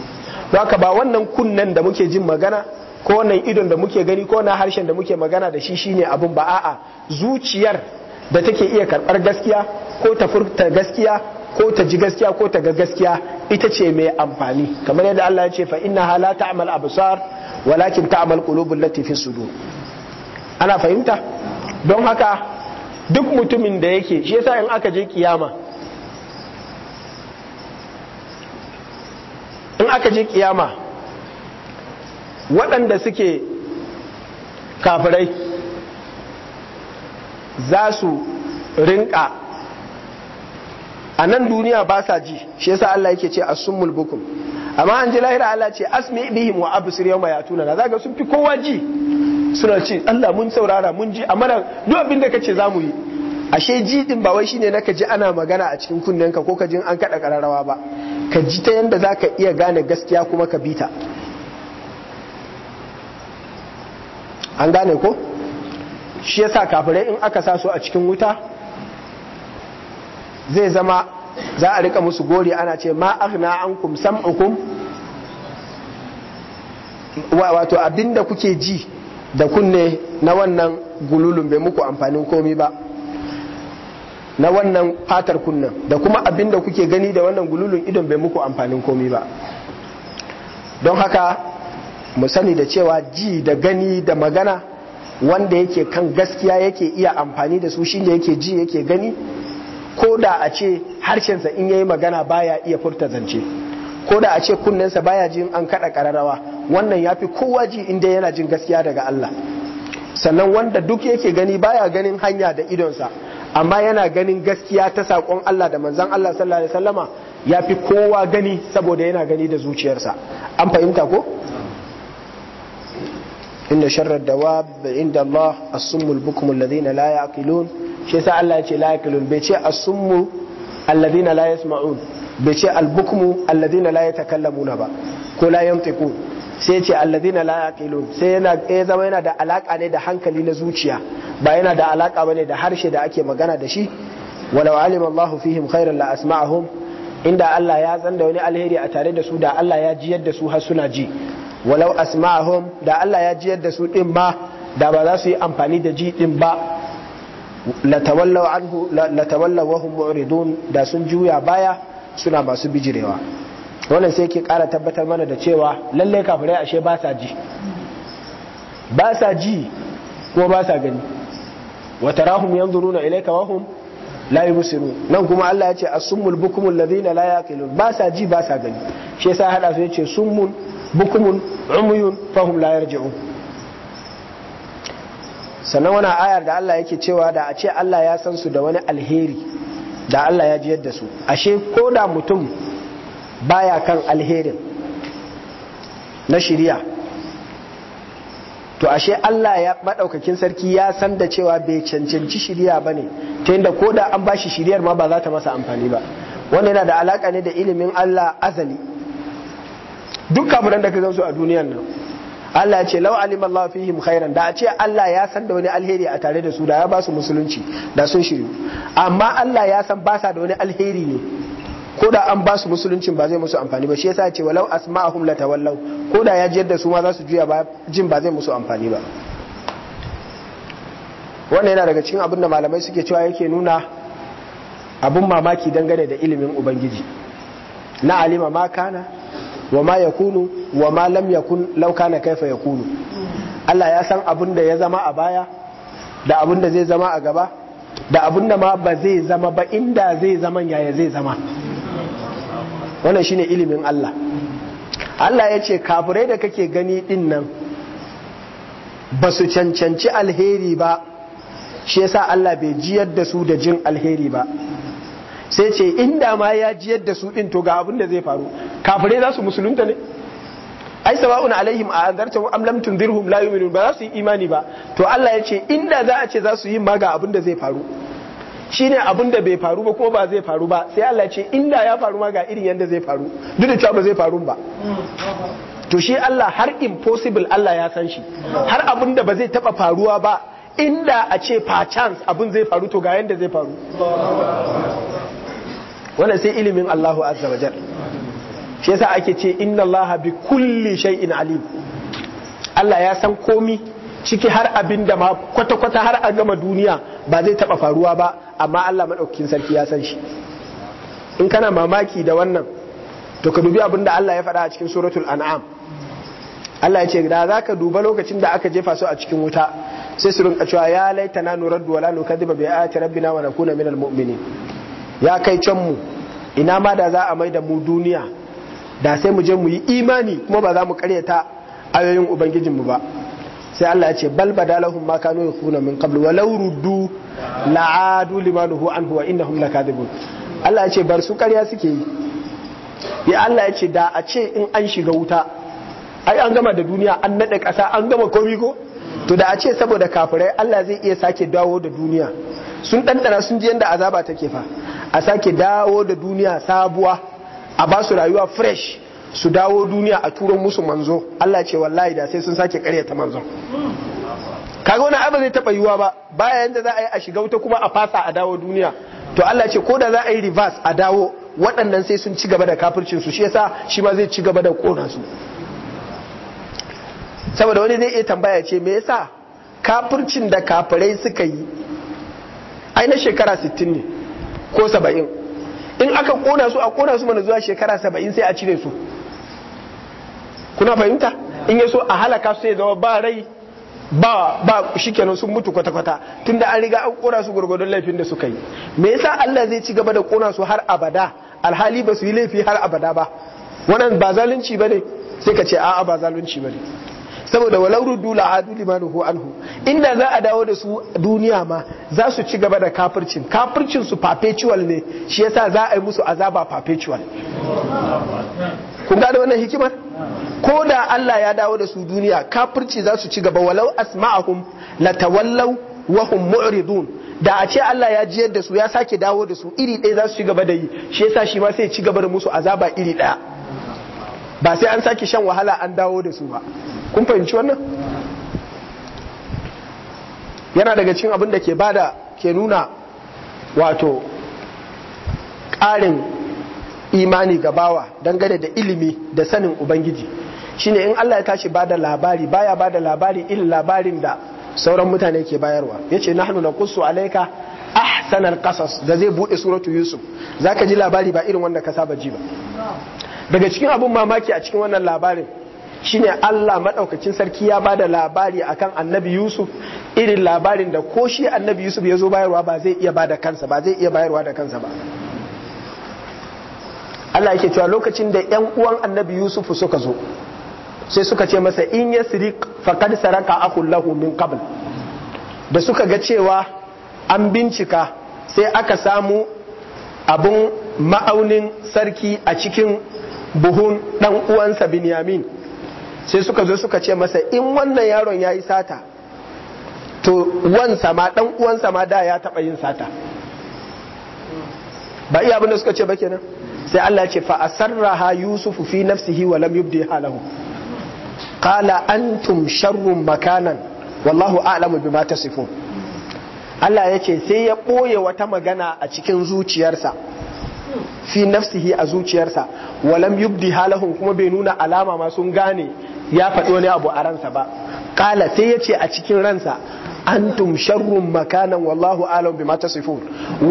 haka ba wannan kunnen da muke jin magana ko idon da muke gani ko na harshen da muke magana da shi shine abun ba a'a zuciyar da take iya karɓar gaskiya ko ta furta gaskiya ko ta ji gaskiya ko ta ga gaskiya ita ce mai amfani kamar yadda Allah ya ce fa inna la ta'mal absar walakin ta'mal qulubul lati fi sudur ana fahimta don haka duk mutumin da yake shi yasa in aka je kiyama in aka je kiyama waɗanda suke kafirai za su rinka a nan duniya ba sa ji shi yasa Allah yake ce asummul bukum amma an ji lahira Allah ce asmi bihim wa absir yawma yatuna na zaga sun fi kowa ji suna ce Allah mun saurara mun ji amma duk abin da kace zamu yi ashe ji din ba wai shine na ka ji ana magana a cikin kunnen ka ko ka ji an kada kararrawa ba ka ji ta yanda zaka iya gane gaskiya kuma ka bita an gane ko shi yasa kafirai in aka sa su a cikin wuta zai zama za a rika musu gori ana ce ma an kum sam sam'ukum wato abinda kuke ji da kunne na wannan gululun bai muku amfanin komi ba na wannan fatar kunnen da kuma abinda kuke gani da wannan gululun idon bai muku amfanin komi ba don haka mu sani da cewa ji da gani da magana wanda yake kan gaskiya yake iya amfani da su shine yake ji yake gani ko da a ce harshensa in yayi magana baya iya furta zance ko da a ce kunnensa baya jin an kada kararrawa wannan yafi kowa ji inda yana jin gaskiya daga Allah sannan wanda duk yake gani baya ganin hanya da idonsa amma yana ganin gaskiya ta saƙon Allah da manzon Allah sallallahu alaihi wasallama yafi kowa gani saboda yana gani da zuciyarsa an fahimta ko inda sharar dawa inda Allah asummu bukum alladhina la yaqilun shi sa Allah ya ce la yaqilun bai ce asummu alladhina la yasma'un bai ce albukmu alladhina la yatakallamuna ba ko la teku sai ce alladhina la yaqilun sai yana ya zama yana da alaka ne da hankali na zuciya ba yana da alaka ne da harshe da ake magana da shi walau alima Allahu fihim khairan la asma'ahum inda Allah ya zanda wani alheri a tare da su da Allah ya jiyar da su har suna ji walau asma'ahum da Allah ya jiyar da su din ba da ba za su yi amfani da ji din ba tawallaw anhu latawallaw wa hum mu'ridun da sun juya baya suna masu bijirewa wannan sai ke kara tabbatar mana da cewa lalle kafirai ashe ba sa ji ba sa ji ko ba sa gani wa tarahum yanzuruna ilayka wa hum la yubsirun nan kuma Allah ya ce as-summul bukumul ladina la yaqilun ba sa ji ba sa gani shi yasa hada su yace summun بكم عمي فهم لا yarji'un sannan wani ayar da Allah yake cewa da a ce Allah ya san su da wani alheri da Allah ya jiyar da su ashe ko da mutum baya kan alherin na shirya to ashe Allah ya maɗaukakin sarki ya san da cewa bai cancanci shirya ba ne ta yadda ko da an bashi shiryar ma ba za ta masa amfani ba wanda yana da alaƙa ne da ilimin Allah azali duk kafiran da ka gansu a duniyan nan Allah ya ce law alim Allah fihim khairan da a ce Allah ya san da wani alheri a tare da su da ya ba su musulunci da sun shiru amma Allah ya san ba sa da wani alheri ne ko da an ba su musulunci ba zai musu amfani ba shi yasa ya ce walau asma'ahum latawallaw ko da ya ji yadda su ma za su juya ba jin ba zai musu amfani ba wannan yana daga cikin abin da malamai suke cewa yake nuna abun mamaki dangane da ilimin ubangiji na alima ma kana wa ma yakunu wa ma ya kunu lauka na kaifa yakunu Allah ya san abin da ya zama a baya da abin da zai zama a gaba da abin da ma ba zai zama ba inda zai zama yaya zai zama wannan shine ilimin Allah Allah ya ce kafirai da kake gani din nan ba su cancanci alheri ba shi yasa Allah bai jiyar da su da jin alheri ba sai ce inda ma ya jiyar da su din to ga abin da zai faru kafire za su musulunta ne ai alaihim a anzarta am lam tunzirhum la yu'minun ba za su yi imani ba to Allah ya ce inda za a ce za su yi ma ga abin da zai faru shine abin da bai faru ba kuma ba zai faru ba sai Allah ya ce inda ya faru ma ga irin yanda zai faru duk da cewa ba zai faru ba to shi Allah har impossible Allah ya san shi har abin da ba zai taba faruwa ba inda a ce per chance abin zai faru to ga yanda zai faru wannan sai ilimin Allahu azza wa jal shi yasa ake ce inna Allaha bi kulli shay'in alim Allah ya san komi ciki har abin da ma kwata-kwata har a gama duniya ba zai taba faruwa ba amma Allah maɗaukakin sarki ya san shi in kana mamaki da wannan to ka dubi abin da Allah ya faɗa a cikin suratul an'am Allah ya ce da za ka duba lokacin da aka jefa su a cikin wuta sai su rinka cewa ya laita na nuraddu wala nukadiba bi ayati rabbina wa nakuna minal mu'minin ya kai can mu ina ma da za a mai da mu duniya da sai mu je mu yi imani kuma ba za mu karyata ayoyin ubangijinmu ba sai Allah ya ce bal badalahum ma kanu yakhuna min qabl wa law ruddu la'adu limanhu anhu wa innahum lakadibun Allah ya ce bar su karya suke yi ya Allah ya ce da a ce in an shiga wuta ai an gama da duniya an nade kasa an gama komi ko to da a ce saboda kafirai Allah zai iya sake dawo da duniya sun ɗanɗana sun ji yadda azaba take fa a sake dawo da duniya sabuwa a ba su rayuwa fresh su dawo duniya a turo musu manzo Allah ce wallahi da sai sun sake ta manzo. kaga wani abu zai taba yiwuwa ba bayan da za a yi a shiga wuta kuma a fasa a dawo duniya to Allah ce ko da za a yi reverse a dawo waɗannan sai sun ci gaba da kafircin su shi yasa shi ma zai ci gaba da kona su saboda wani zai iya tambaya ce me yasa kafircin da kafirai suka yi ai na shekara 60 ne ko saba'in in aka kona su a kona su mana zuwa shekara saba'in sai a cire su kuna fahimta in ya so a halaka su ya zama ba rai ba ba shikenan sun mutu kwata-kwata tunda an riga an kona su gurgurdun laifin da suka yi me yasa Allah zai ci gaba da kona su har abada alhali ba su yi laifi har abada ba wannan ba zalunci bane sai ka ce a'a ba zalunci bane saboda walau ruddu la adu limanuhu anhu inda za a dawo da su duniya ma za su ci gaba da kafircin kafircin su perpetual ne shi yasa za a yi musu azaba perpetual kun gane wannan hikimar ko da Allah ya dawo da su duniya kafirci za su ci gaba walau asma'ahum la tawallaw wa hum mu'ridun da a ce Allah ya jiyar da su ya sake dawo da su iri ɗaya za su ci gaba da yi shi yasa shi ma sai ci gaba da musu azaba iri ɗaya ba sai an sake shan wahala an dawo da su ba kun fahimci wannan yana daga cikin abin da ke bada ke nuna wato ƙarin imani ga bawa gada da ilimi da sanin ubangiji shine in Allah ya tashi bada labari baya bada labari irin labarin da sauran mutane ke bayarwa yace nahnu naqussu alayka ahsanal qasas da zai bude suratu yusuf zaka ji labari ba irin wanda ka saba ji ba daga cikin abun mamaki a cikin wannan labarin shine Allah maɗaukacin sarki ya bada labari akan annabi Yusuf irin labarin da ko shi annabi Yusuf ya zo bayarwa ba zai iya bada kansa ba zai iya bayarwa da kansa ba Allah yake cewa lokacin da ‘yan uwan annabi Yusuf suka zo sai suka ce masa in ya sirik faƙad saraka akullahu min qabl da suka ga cewa an bincika sai aka samu abun ma'aunin sarki a cikin buhun ɗan uwansa Binyamin sai suka zo suka ce masa in wannan yaron ya yi sata to wansa ma dan uwansa ma da ya taba yin sata ba iya abin da suka ce ba kenan sai Allah ya ce fa asarraha yusuf fi nafsihi wa lam yubdi halahu qala antum sharrun makanan wallahu a'lamu bima tasifun Allah ya ce sai ya ɓoye wata magana a cikin zuciyarsa fi nafsihi a zuciyarsa walam yubdi halahum kuma bai nuna alama ma sun gane ya faɗi wani abu a ransa ba kala sai ya ce a cikin ransa antum sharrun makanan wallahu alam bima tasifun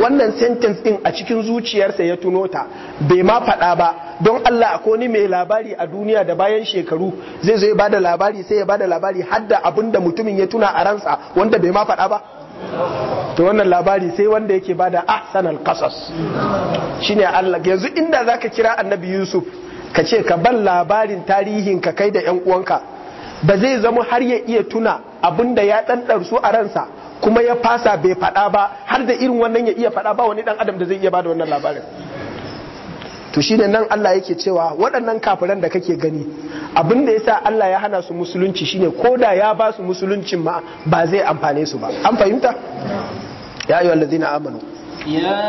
wannan sentence din a cikin zuciyarsa ya tuno ta bai ma faɗa ba don Allah ko ni mai labari a duniya da bayan shekaru zai zo ya bada labari sai ya bada labari hadda abinda mutumin ya tuna a ransa wanda bai ma faɗa ba to wannan labari sai wanda yake bada ahsanal qasas shine Allah yanzu inda zaka kira annabi Yusuf ka ce ka ban labarin tarihin ka kai da yan uwanka ba zai zama har ya iya tuna da ya ɗanɗar su a ransa kuma ya fasa bai faɗa ba har da irin wannan ya iya faɗa ba wani dan adam da zai iya bada wannan labarin to shi nan Allah yake cewa waɗannan kafiran da kake gani abin da sa Allah ya hana su musulunci shine ko da ya ba su musuluncin ma ba zai amfane su ba an fahimta ya ayyuhal na amanu ya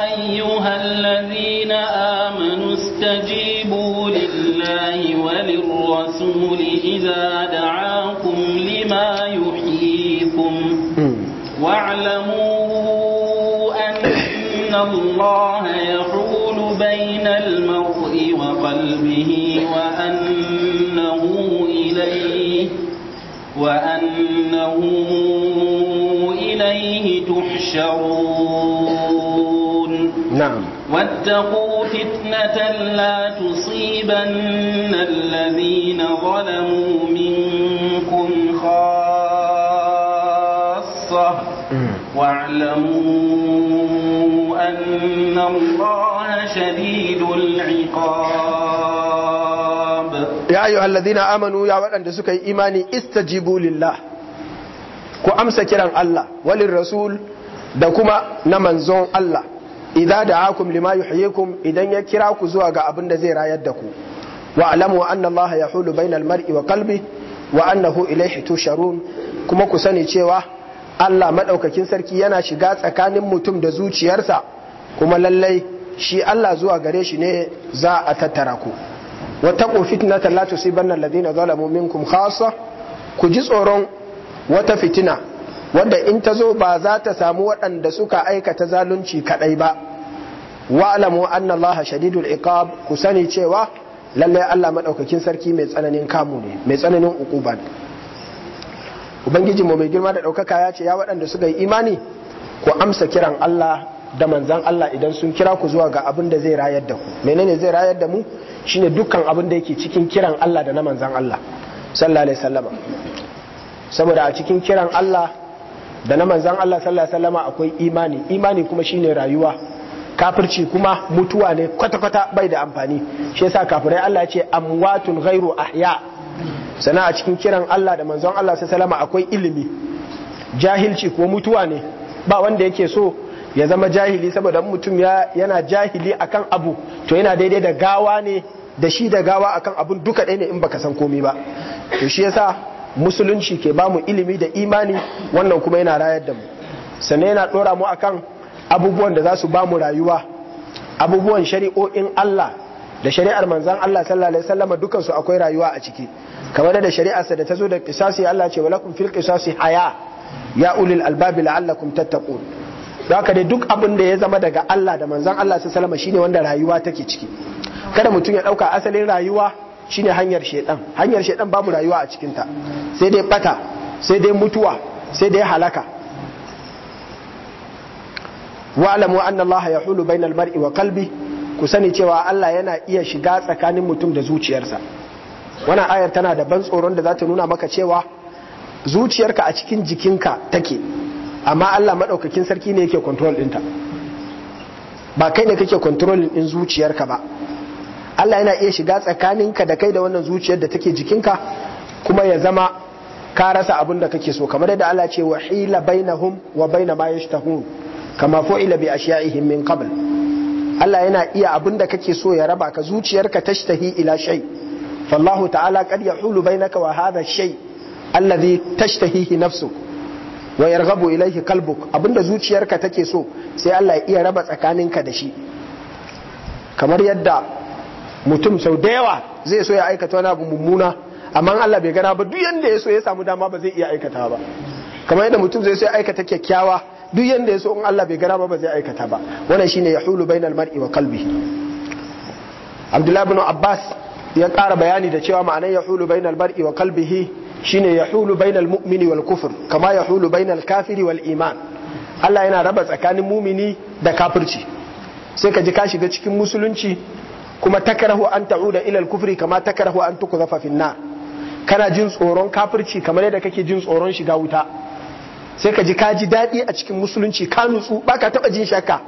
ayyuhal ladzina amanu istajibu lillahi walir rasuli idza da'akum lima yuhyikum hmm. wa'lamu إن الله يحول بين المرء وقلبه وأنه إليه وأنه إليه تحشرون نعم واتقوا فتنة لا تصيبن الذين ظلموا منكم خاصة واعلموا أن الله شديد العقاب يا أيها الذين آمنوا يا وأن سكي إيماني استجيبوا لله ku amsa kiran Allah walin rasul da kuma na manzon Allah idza da'akum lima yuhyikum idan ya kira ku zuwa ga abin da zai rayar da ku wa alamu anna Allah yahulu bainal mar'i wa qalbi wa annahu ilayhi tusharun kuma ku sani cewa Allah madaukakin sarki yana shiga tsakanin mutum da zuciyarsa kuma lallai shi Allah zuwa gare shi ne za a tattara ku wattaqu fitnatan la tusibanna alladhina zalamu minkum khassa ku ji tsoron wata fitina wanda in ta zo ba za ta samu waɗanda suka aikata zalunci kaɗai ba wa'lamu anna allaha shadidul iqab ku sani cewa lallai Allah maɗaukakin sarki mai tsananin kamu ne mai tsananin ukuban. ne ubangiji mu mai girma da ɗaukaka ya ce ya waɗanda suka yi imani ku amsa kiran Allah da manzan Allah idan sun kira ku zuwa ga abin da zai rayar da ku menene zai rayar da mu shine dukkan abin da yake cikin kiran Allah da na manzan Allah sallallahu alaihi wasallama saboda a cikin kiran Allah da na manzan Allah sallallahu alaihi wasallama akwai imani imani kuma shine rayuwa kafirci kuma mutuwa ne kwata-kwata bai da amfani shi yasa kafirai Allah ya ce amwatun ghairu ahya sana a cikin kiran Allah da manzon Allah sallallahu alaihi wasallama akwai ilimi jahilci ko mutuwa ne ba wanda yake so ya zama jahili saboda mutum yana jahili akan abu to yana daidai da gawa ne da shi da gawa akan abun duka ɗaya ne in baka san komi ba to shi yasa musulunci ke ba mu ilimi da imani wannan kuma yana rayar da mu sannan yana ɗora mu akan abubuwan da za su ba mu rayuwa abubuwan shari'o'in Allah da shari'ar manzan Allah sallallahu alaihi wasallam dukan su akwai rayuwa a ciki kamar da shari'arsa da ta zo da qisasi Allah ce walakum fil qisasi haya ya ulil albabi la'allakum tattaqun don haka dai duk abin da ya zama daga Allah da manzan Allah su salama shine wanda rayuwa take ciki kada mutum ya ɗauka asalin rayuwa shine hanyar shaidan hanyar shaidan babu rayuwa a cikinta sai dai bata sai dai mutuwa sai dai halaka wa'lamu anna Allah yahulu bainal mar'i wa qalbi ku sani cewa Allah yana iya shiga tsakanin mutum da zuciyarsa wannan ayar tana da ban tsoron da za ta nuna maka cewa zuciyarka a cikin jikinka take amma Allah maɗaukakin sarki ne yake control ɗinta ba kai ne kake controlling ɗin zuciyarka ba Allah yana iya shiga tsakaninka da kai da wannan zuciyar da take jikinka kuma ya zama ka rasa abin da kake so kamar yadda Allah ce wa hila bainahum wa baina ma yashtahun kama fu'ila bi ashya'ihim min qabl Allah yana iya abin da kake so ya raba ka zuciyarka tashtahi ila shay fallahu ta'ala qad yahulu bainaka wa hadha shay alladhi tashtahihi nafsuka wa yarghabu ilayhi qalbuk abinda zuciyarka take so sai Allah ya iya raba tsakaninka da shi kamar yadda mutum sau da yawa zai so ya aikata wani abu mummuna amma Allah bai gana ba duk yanda ya so ya samu dama ba zai iya aikata ba kamar yadda mutum zai so ya aikata kyakkyawa duk yanda ya so in Allah bai gana ba ba zai aikata ba wannan shine yahulu bainal mar'i wa qalbi Abdullah ibn Abbas ya ƙara bayani da cewa ma'anar yahulu bainal mar'i wa qalbihi shine yahulu bainal mu'mini wal kufr kama yahulu bainal kafiri wal iman Allah yana raba tsakanin mumini da kafirci sai ka ji ka shiga cikin musulunci kuma takarahu an ta'uda ila al-kufri kama takarahu an tukzafa fi nar kana jin tsoron kafirci kamar yadda kake jin tsoron shiga wuta sai ka ji ka ji daɗi a cikin musulunci ka nutsu baka taɓa jin shakka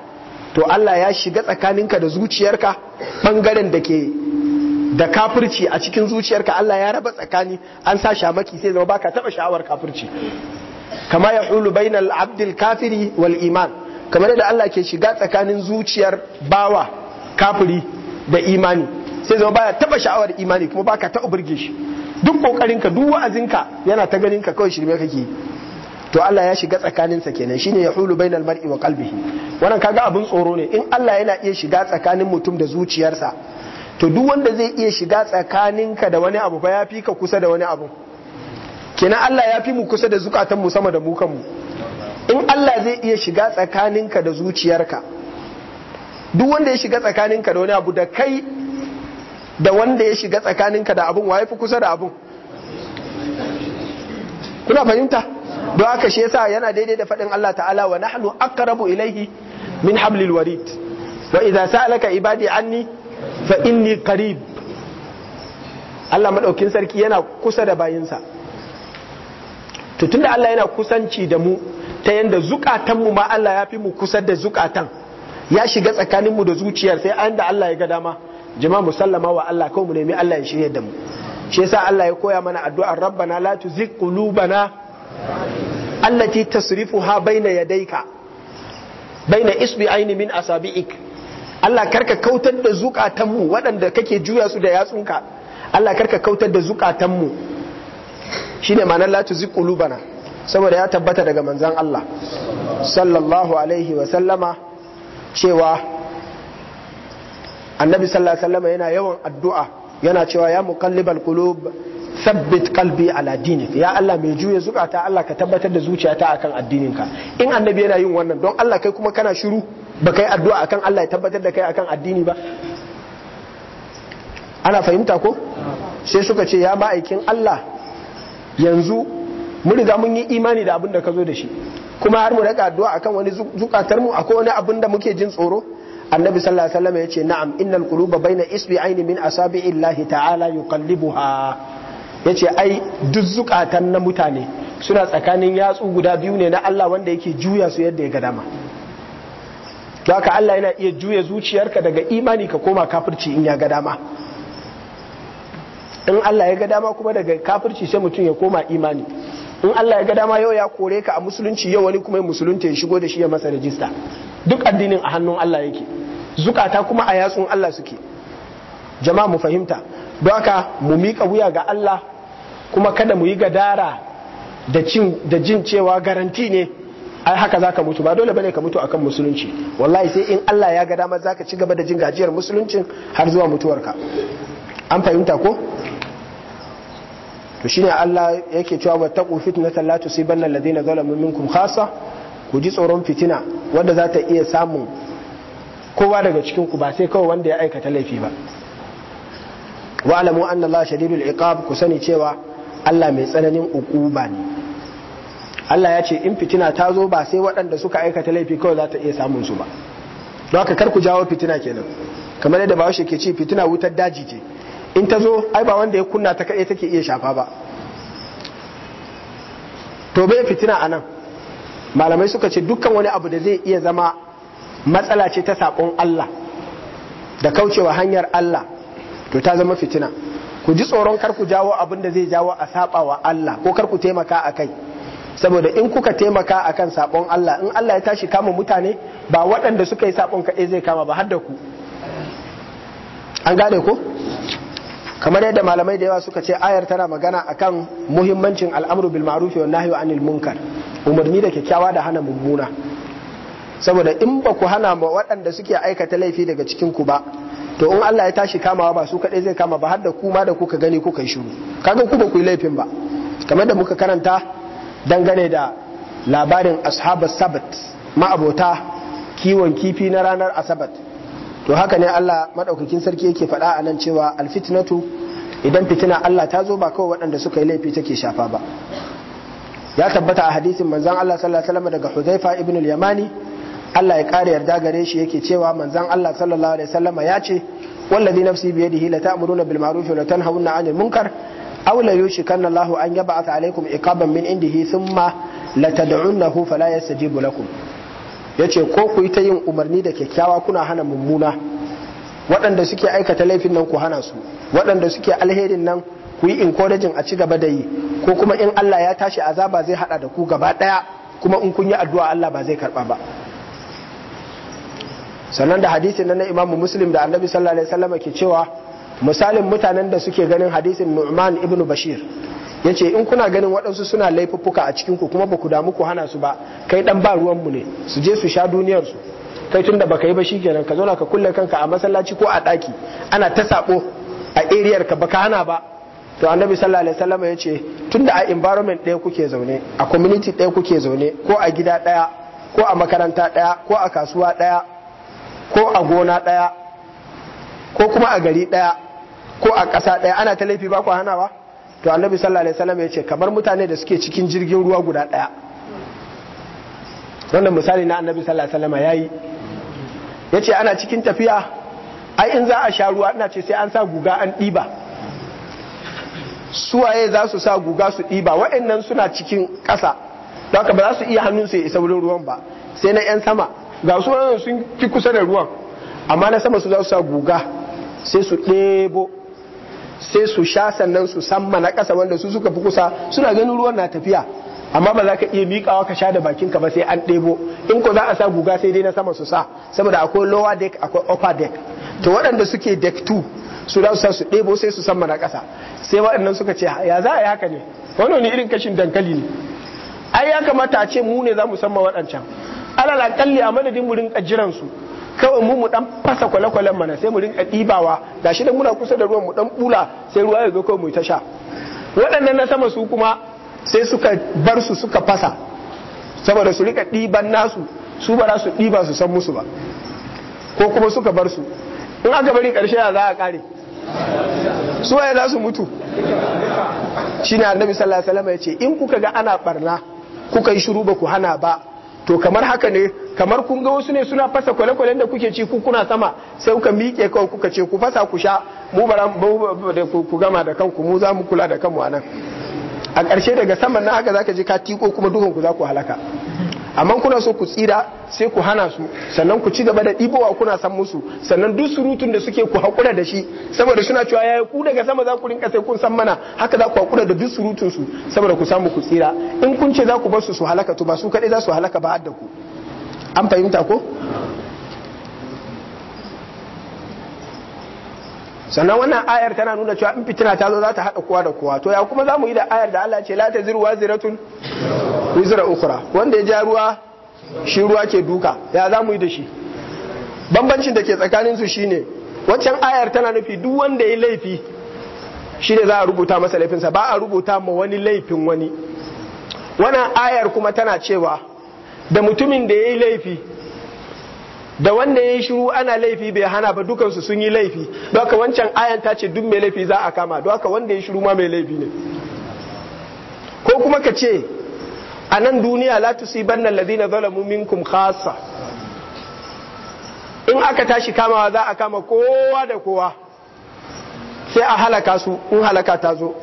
to Allah ya shiga tsakaninka da zuciyarka bangaren da ke da kafirci a cikin zuciyarka Allah ya raba tsakani an sa shamaki sai zama baka taba sha'awar kafirci kama ya hulu bainal Abdul kafiri wal iman kamar da Allah ke shiga tsakanin zuciyar bawa kafiri da imani sai zama baya taba sha'awar imani kuma baka taba burge shi duk kokarinka duk wa'azinka yana ta ganin ka kawai shirme kake to Allah ya shiga tsakaninsa kenan shine ya hulu bainal mar'i wa qalbihi wannan kaga abun tsoro ne in Allah yana iya shiga tsakanin mutum da zuciyarsa to duk wanda zai iya shiga tsakaninka da wani abu ba ya fi ka kusa da wani abu kenan Allah ya fi mu kusa da zukatanmu sama da mu in Allah zai iya shiga tsakaninka da zuciyarka duk wanda ya shiga tsakaninka da wani abu da kai da wanda ya shiga tsakaninka da abun waye fi kusa da abun kuna fahimta don haka shi yasa yana daidai da faɗin Allah ta'ala wa nahnu aqrabu ilaihi min hablil warid wa idza sa'alaka ibadi anni fa inni qarib Allah madaukin sarki yana kusa da bayinsa to tunda Allah yana kusanci da mu ta yanda zukatanmu ma Allah ya fi mu kusa da zukatan ya shiga tsakanin mu da zuciyar sai an da Allah ya ga dama jama'a musallama wa Allah kawai mu nemi Allah ya shirya da mu shi yasa Allah ya koya mana addu'ar rabbana la tuzigh qulubana allati tasrifuha baina yadayka baina isbi'aini min asabi'ik Allah karka kautar da zukatanmu waɗanda kake juya su da yatsunka Allah karka kautar da zukatanmu shine ma'anar la zikulu bana saboda ya tabbata daga manzan Allah sallallahu alaihi wa cewa annabi sallallahu alaihi sallama yana yawan addu'a yana cewa ya muqallibal kulub sabbit kalbi ala dinik ya Allah mai juya zukata Allah ka tabbatar da zuciyata akan addininka in annabi yana yin wannan don Allah kai kuma kana shiru ba yi addu'a akan Allah ya tabbatar da kai akan addini ba ana fahimta ko sai suka ce ya ma'aikin Allah yanzu mun riga mun yi imani da abin ka zo da shi kuma har mu raka addu'a akan wani zukatar mu akwai wani abin da muke jin tsoro annabi sallallahu alaihi wasallam ya ce na'am innal quluba baina isbi'aini min illahi ta'ala yuqallibuha yace ai duk zukatan na mutane suna tsakanin yatsu guda biyu ne na Allah wanda yake juya su yadda ya ga dama don haka Allah yana iya juya zuciyarka daga imani ka koma kafirci in ya ga dama in Allah ya ga dama kuma daga kafirci sai mutum ya koma imani in Allah ya ga dama yau ya kore ka a musulunci yau wani kuma ya musulunta ya shigo da shi ya masa rajista duk addinin a hannun Allah yake zukata kuma a yatsun Allah suke jama'a mu fahimta don haka mu mika wuya ga Allah kuma kada mu yi gadara da jin cewa garanti ne ai haka zaka mutu ba dole bane ka mutu akan musulunci wallahi sai in Allah ya ga dama zaka ci gaba da jin gajiyar musuluncin har zuwa mutuwarka an fahimta ko to shine Allah yake cewa wattaqu fitnatan la tusibanna alladhina zalamu minkum khassa ku ji tsoron fitina wanda za ta iya samun kowa daga cikin ku ba sai kawai wanda ya aikata laifi ba alamu anna Allah shadidul iqab ku sani cewa Allah mai tsananin uquba ne Allah ya ce in fitina ta zo ba sai waɗanda suka aikata laifi kawai za ta iya samun su ba don haka kar jawo fitina kenan kamar yadda bahaushe ke ce fitina wutar daji ce in ta zo ai ba wanda ya kunna ta kaɗai take iya shafa ba to bai fitina a nan malamai suka ce dukkan wani abu da zai iya zama matsala ce ta saƙon Allah da kaucewa hanyar Allah to ta zama fitina ku ji tsoron kar ku jawo abin da zai jawo a saɓa wa Allah ko kar ku taimaka a kai saboda in kuka taimaka akan sabon Allah in Allah ya tashi kama mutane ba waɗanda suka yi sabon kaɗai zai kama ba har ku an gane ku kamar yadda malamai da yawa suka ce ayar tana magana akan muhimmancin al'amru bil ma'ruf wa nahyi anil munkar umarni da kyakkyawa da hana mummuna saboda in ba ku hana ma waɗanda suke aikata laifi daga cikin ku ba to in Allah ya tashi kamawa ba su kaɗai zai kama ba har da ku ma da kuka gani kuka yi shiru kaga ku ba ku yi laifin ba kamar da muka karanta dangane da labarin ashabar sabat ma'abota kiwon kifi na ranar asabat to haka ne Allah maɗaukakin sarki yake faɗa a nan cewa alfitnatu idan fitina Allah ta zo ba kawai waɗanda suka yi laifi take shafa ba ya tabbata a hadisin manzan Allah sallallahu alaihi daga Huzaifa ibn yamani Allah ya kare yarda gare shi yake cewa manzan Allah sallallahu alaihi ya ce wallazi nafsi bi yadihi la ta'muruna bil ma'ruf wa la tanhauna 'anil munkar aw la yushkanna Allahu an aka alaikum iqaban min indihi thumma latad'unnahu fala yastajibu lakum yace ko ku yi ta yin umarni da kyakkyawa kuna hana mummuna waɗanda suke aikata laifin nan ku hana su waɗanda suke alherin nan ku yi encouraging a ci gaba da yi ko kuma in Allah ya tashi azaba zai hada da ku gaba daya kuma in kun yi addu'a Allah ba zai karba ba sannan da hadisi na Imam Muslim da Annabi sallallahu alaihi wasallam ke cewa misalin mutanen da suke ganin hadisin nu'man ibnu bashir ya ce in kuna ganin waɗansu suna laifuffuka a cikinku kuma ba ku damu ku hana su ba kai ɗan ba ruwanmu ne su je su sha duniyarsu kai tun da baka yi ba nan ka zauna ka kulle kanka a masallaci ko a ɗaki ana ta saɓo a eriyar ka baka hana ba to annabi sallallahu alaihi wasallam ya ce tun da a environment ɗaya kuke zaune a community ɗaya kuke zaune ko a gida ɗaya ko a makaranta ɗaya ko a kasuwa ɗaya ko a gona ɗaya ko kuma a gari ɗaya ko a ƙasa ɗaya ana ta laifi ba ku hanawa to annabi sallallahu alaihi wasallam ya ce kamar mutane da suke cikin jirgin ruwa guda ɗaya wannan misali na annabi sallallahu alaihi wasallam yayi yace ana cikin tafiya ai in za a sha ruwa ina ce sai an sa guga an ɗiba suwaye za su sa guga su ɗiba waɗannan suna cikin ƙasa don haka ba za su iya hannun su isa wurin ruwan ba sai na 'yan sama ga su sun ki kusa da ruwan amma na sama su za su sa guga sai su ɗebo sai su sha sannan su san mana kasa wanda su suka fi kusa suna ganin ruwan na tafiya amma ba za ka iya miƙawa ka sha da bakinka ba sai an ɗebo in ko za a sa guga sai dai na sama su sa saboda akwai lower deck akwai upper deck to waɗanda suke deck 2 su za su su ɗebo sai su san mana ƙasa sai waɗannan suka ce ya za a yi haka ne wani irin kashin dankali ne ai ya kamata a ce mu ne za mu san waɗancan alal akalli a madadin mu rinka jiran su kawai mu mu dan fasa kwale-kwalen mana sai mu rinka ɗibawa shi da muna kusa da ruwan mu dan bula sai ruwa ya zo kawai mu ta sha waɗannan na sama su kuma sai suka bar su suka fasa saboda su rika ɗiban nasu su ba za su ɗiba su san musu ba ko kuma suka bar su in aka bari ƙarshe ya za a ƙare su waye za su mutu shine annabi sallallahu alaihi wasallam ya ce in kuka ga ana barna kuka yi shiru ba ku hana ba to kamar haka ne kamar kun ga wasu ne suna fasa kwale-kwalen da kuke ci kuna sama sai kuka miƙe kawai kuka ce ku fasa ku sha mu bara ku gama da kanku mu za mu kula da kanmu a nan a ƙarshe daga saman na haka za ka je ka tiko kuma dukan ku za ku halaka amma kuna so ku tsira sai ku hana su sannan ku ci gaba da ɗibowa kuna san musu sannan duk surutun da suke ku haƙura da shi saboda suna cewa yaya ku daga sama za ku rinka sai kun san mana haka za ku haƙura da duk surutun su saboda ku samu ku tsira in kun ce za ku bar su su halaka to ba su kaɗai za su halaka ba har da ku an fahimta ko sannan wannan ayar tana nuna cewa in fitina ta zo za ta haɗa kowa da kowa to ya kuma za mu yi da ayar da Allah ce la ta ziru waziratun wizra ukhra wanda ya ja ruwa shi ruwa ke duka ya za mu yi da shi bambancin da ke tsakanin su shine waccan ayar tana nufi duk wanda ya laifi shine za a rubuta masa laifinsa ba a rubuta ma wani laifin wani wannan ayar kuma tana cewa da mutumin da ya yi laifi da wanda ya yi shiru ana laifi bai hana ba dukansu sun yi laifi don haka wancan ayan ta ce duk mai laifi za a kama don haka wanda ya shiru ma mai laifi ne ko kuma ka ce a nan duniya la tusibanna alladhina zalamu minkum khasa in aka tashi kamawa za a kama kowa da kowa sai a halaka su in halaka ta zo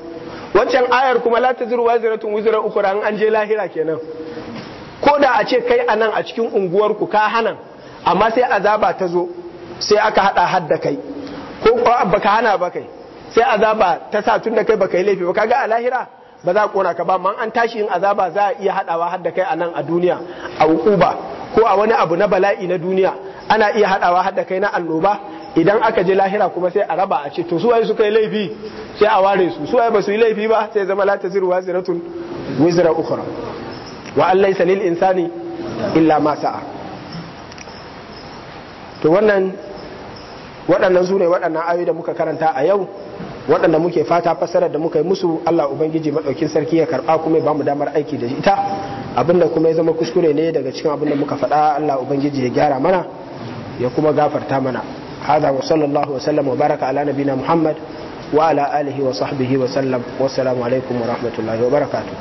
wancan ayar kuma la taziru waziratun wizra ukhra an je lahira kenan ko da a ce kai a nan a cikin unguwarku ka hanan amma sai azaba ta zo sai aka hada hadda kai ko baka hana ba kai sai azaba ta sa tun da kai baka yi laifi ba kaga a lahira ba za a kona ka ba amma an tashi yin azaba za a iya hadawa hadda kai a nan a duniya a ukuba ko a wani abu na bala'i na duniya ana iya hadawa hadda kai na annoba idan aka je lahira kuma sai a raba a ce to su suka yi laifi sai a ware su su ba su yi laifi ba sai zama la taziru waziratun wizra ukhra wa an lil insani illa ma sa'a to wannan waɗannan su waɗannan ayoyi da muka karanta a yau waɗanda muke fata fasarar da muka yi musu Allah Ubangiji maɗaukin sarki ya karɓa kuma ba mu damar aiki da ita abinda kuma ya zama kuskure ne daga cikin abinda muka faɗa Allah Ubangiji ya gyara mana ya kuma gafarta mana hada wa sallallahu wa sallam wa baraka ala nabina Muhammad wa ala alihi wa sahbihi wa sallam wa alaikum wa rahmatullahi wa barakatuh